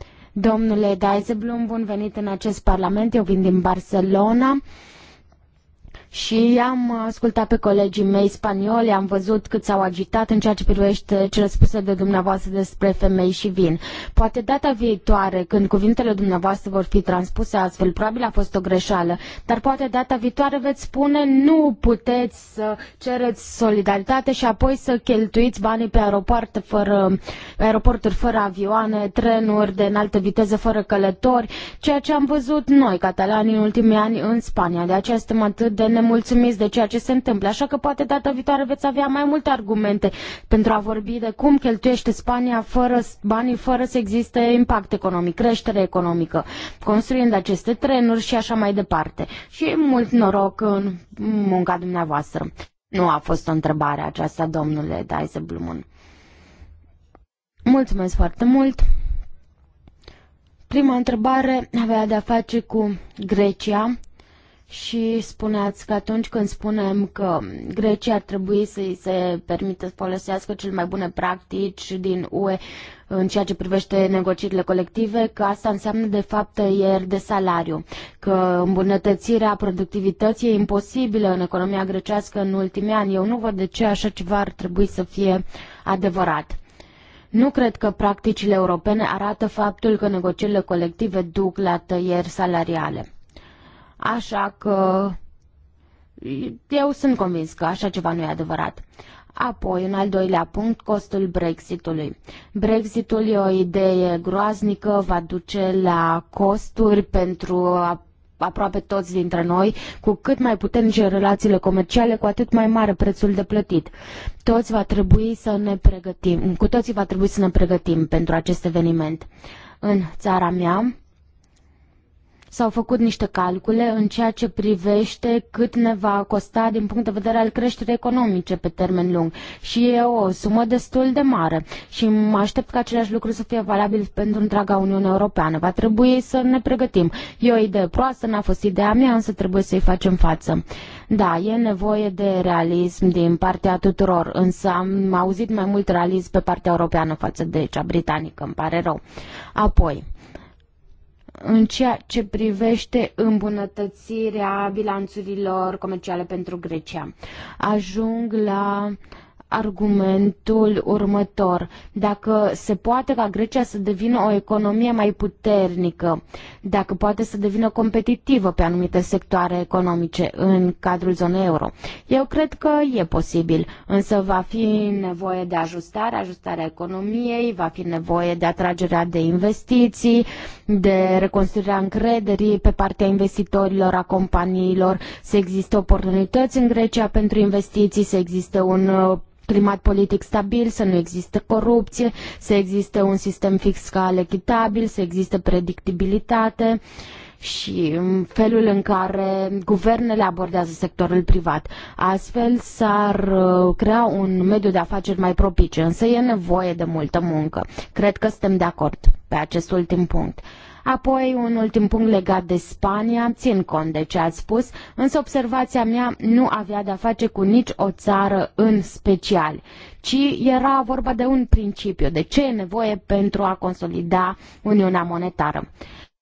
Domnule Dijsselbloem, bun venit în acest parlament, eu vin din Barcelona și am ascultat pe colegii mei spanioli, am văzut cât s-au agitat în ceea ce privește cele spuse de dumneavoastră despre femei și vin. Poate data viitoare, când cuvintele dumneavoastră vor fi transpuse astfel, probabil a fost o greșeală, dar poate data viitoare veți spune nu puteți să cereți solidaritate și apoi să cheltuiți banii pe aeroport, fără, aeroporturi fără avioane, trenuri de înaltă viteză fără călători, ceea ce am văzut noi, catalanii, în ultimii ani în Spania. De aceea suntem atât de nemulțumiți nemulțumiți de ceea ce se întâmplă, așa că poate data viitoare veți avea mai multe argumente pentru a vorbi de cum cheltuiește Spania fără, banii fără să existe impact economic, creștere economică, construind aceste trenuri și așa mai departe. Și mult noroc în munca dumneavoastră. Nu a fost o întrebare aceasta, domnule Blumun. Mulțumesc foarte mult! Prima întrebare avea de-a face cu Grecia și spuneați că atunci când spunem că Grecia ar trebui să-i se permită să folosească cele mai bune practici din UE în ceea ce privește negocierile colective, că asta înseamnă de fapt tăieri de salariu, că îmbunătățirea productivității e imposibilă în economia grecească în ultimii ani. Eu nu văd de ce așa ceva ar trebui să fie adevărat. Nu cred că practicile europene arată faptul că negocierile colective duc la tăieri salariale. Așa că eu sunt convins că așa ceva nu e adevărat. Apoi, în al doilea punct, costul Brexitului. Brexitul e o idee groaznică, va duce la costuri pentru a aproape toți dintre noi, cu cât mai puternice relațiile comerciale, cu atât mai mare prețul de plătit. Toți va trebui să ne pregătim, cu toții va trebui să ne pregătim pentru acest eveniment. În țara mea, S-au făcut niște calcule în ceea ce privește cât ne va costa din punct de vedere al creșterii economice pe termen lung și e o sumă destul de mare și mă aștept ca același lucru să fie valabil pentru întreaga Uniune Europeană. Va trebui să ne pregătim. E o idee proastă, n-a fost ideea mea, însă trebuie să-i facem față. Da, e nevoie de realism din partea tuturor, însă am auzit mai mult realism pe partea europeană față de cea britanică, îmi pare rău. Apoi, în ceea ce privește îmbunătățirea bilanțurilor comerciale pentru Grecia. Ajung la argumentul următor. Dacă se poate ca Grecia să devină o economie mai puternică, dacă poate să devină competitivă pe anumite sectoare economice în cadrul zonei euro. Eu cred că e posibil, însă va fi nevoie de ajustare, ajustarea economiei, va fi nevoie de atragerea de investiții, de reconstruirea încrederii pe partea investitorilor, a companiilor, să existe oportunități în Grecia pentru investiții, să existe un uh, climat politic stabil, să nu existe corupție, să existe un sistem fiscal echitabil, să existe predictibilitate și felul în care guvernele abordează sectorul privat. Astfel s-ar uh, crea un mediu de afaceri mai propice, însă e nevoie de multă muncă. Cred că suntem de acord pe acest ultim punct. Apoi, un ultim punct legat de Spania, țin cont de ce ați spus, însă observația mea nu avea de-a face cu nici o țară în special, ci era vorba de un principiu, de ce e nevoie pentru a consolida Uniunea Monetară.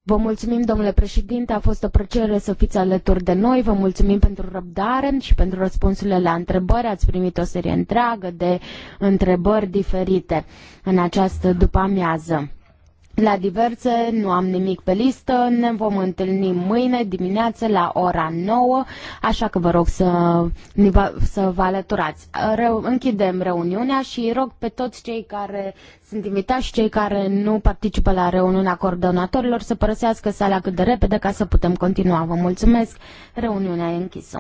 Vă mulțumim, domnule președinte, a fost o plăcere să fiți alături de noi, vă mulțumim pentru răbdare și pentru răspunsurile la întrebări. Ați primit o serie întreagă de întrebări diferite în această după-amiază. La diverse nu am nimic pe listă, ne vom întâlni mâine dimineață la ora 9, așa că vă rog să, să vă alăturați. Re- închidem reuniunea și rog pe toți cei care sunt invitați și cei care nu participă la reuniunea coordonatorilor să părăsească sala cât de repede ca să putem continua. Vă mulțumesc, reuniunea e închisă.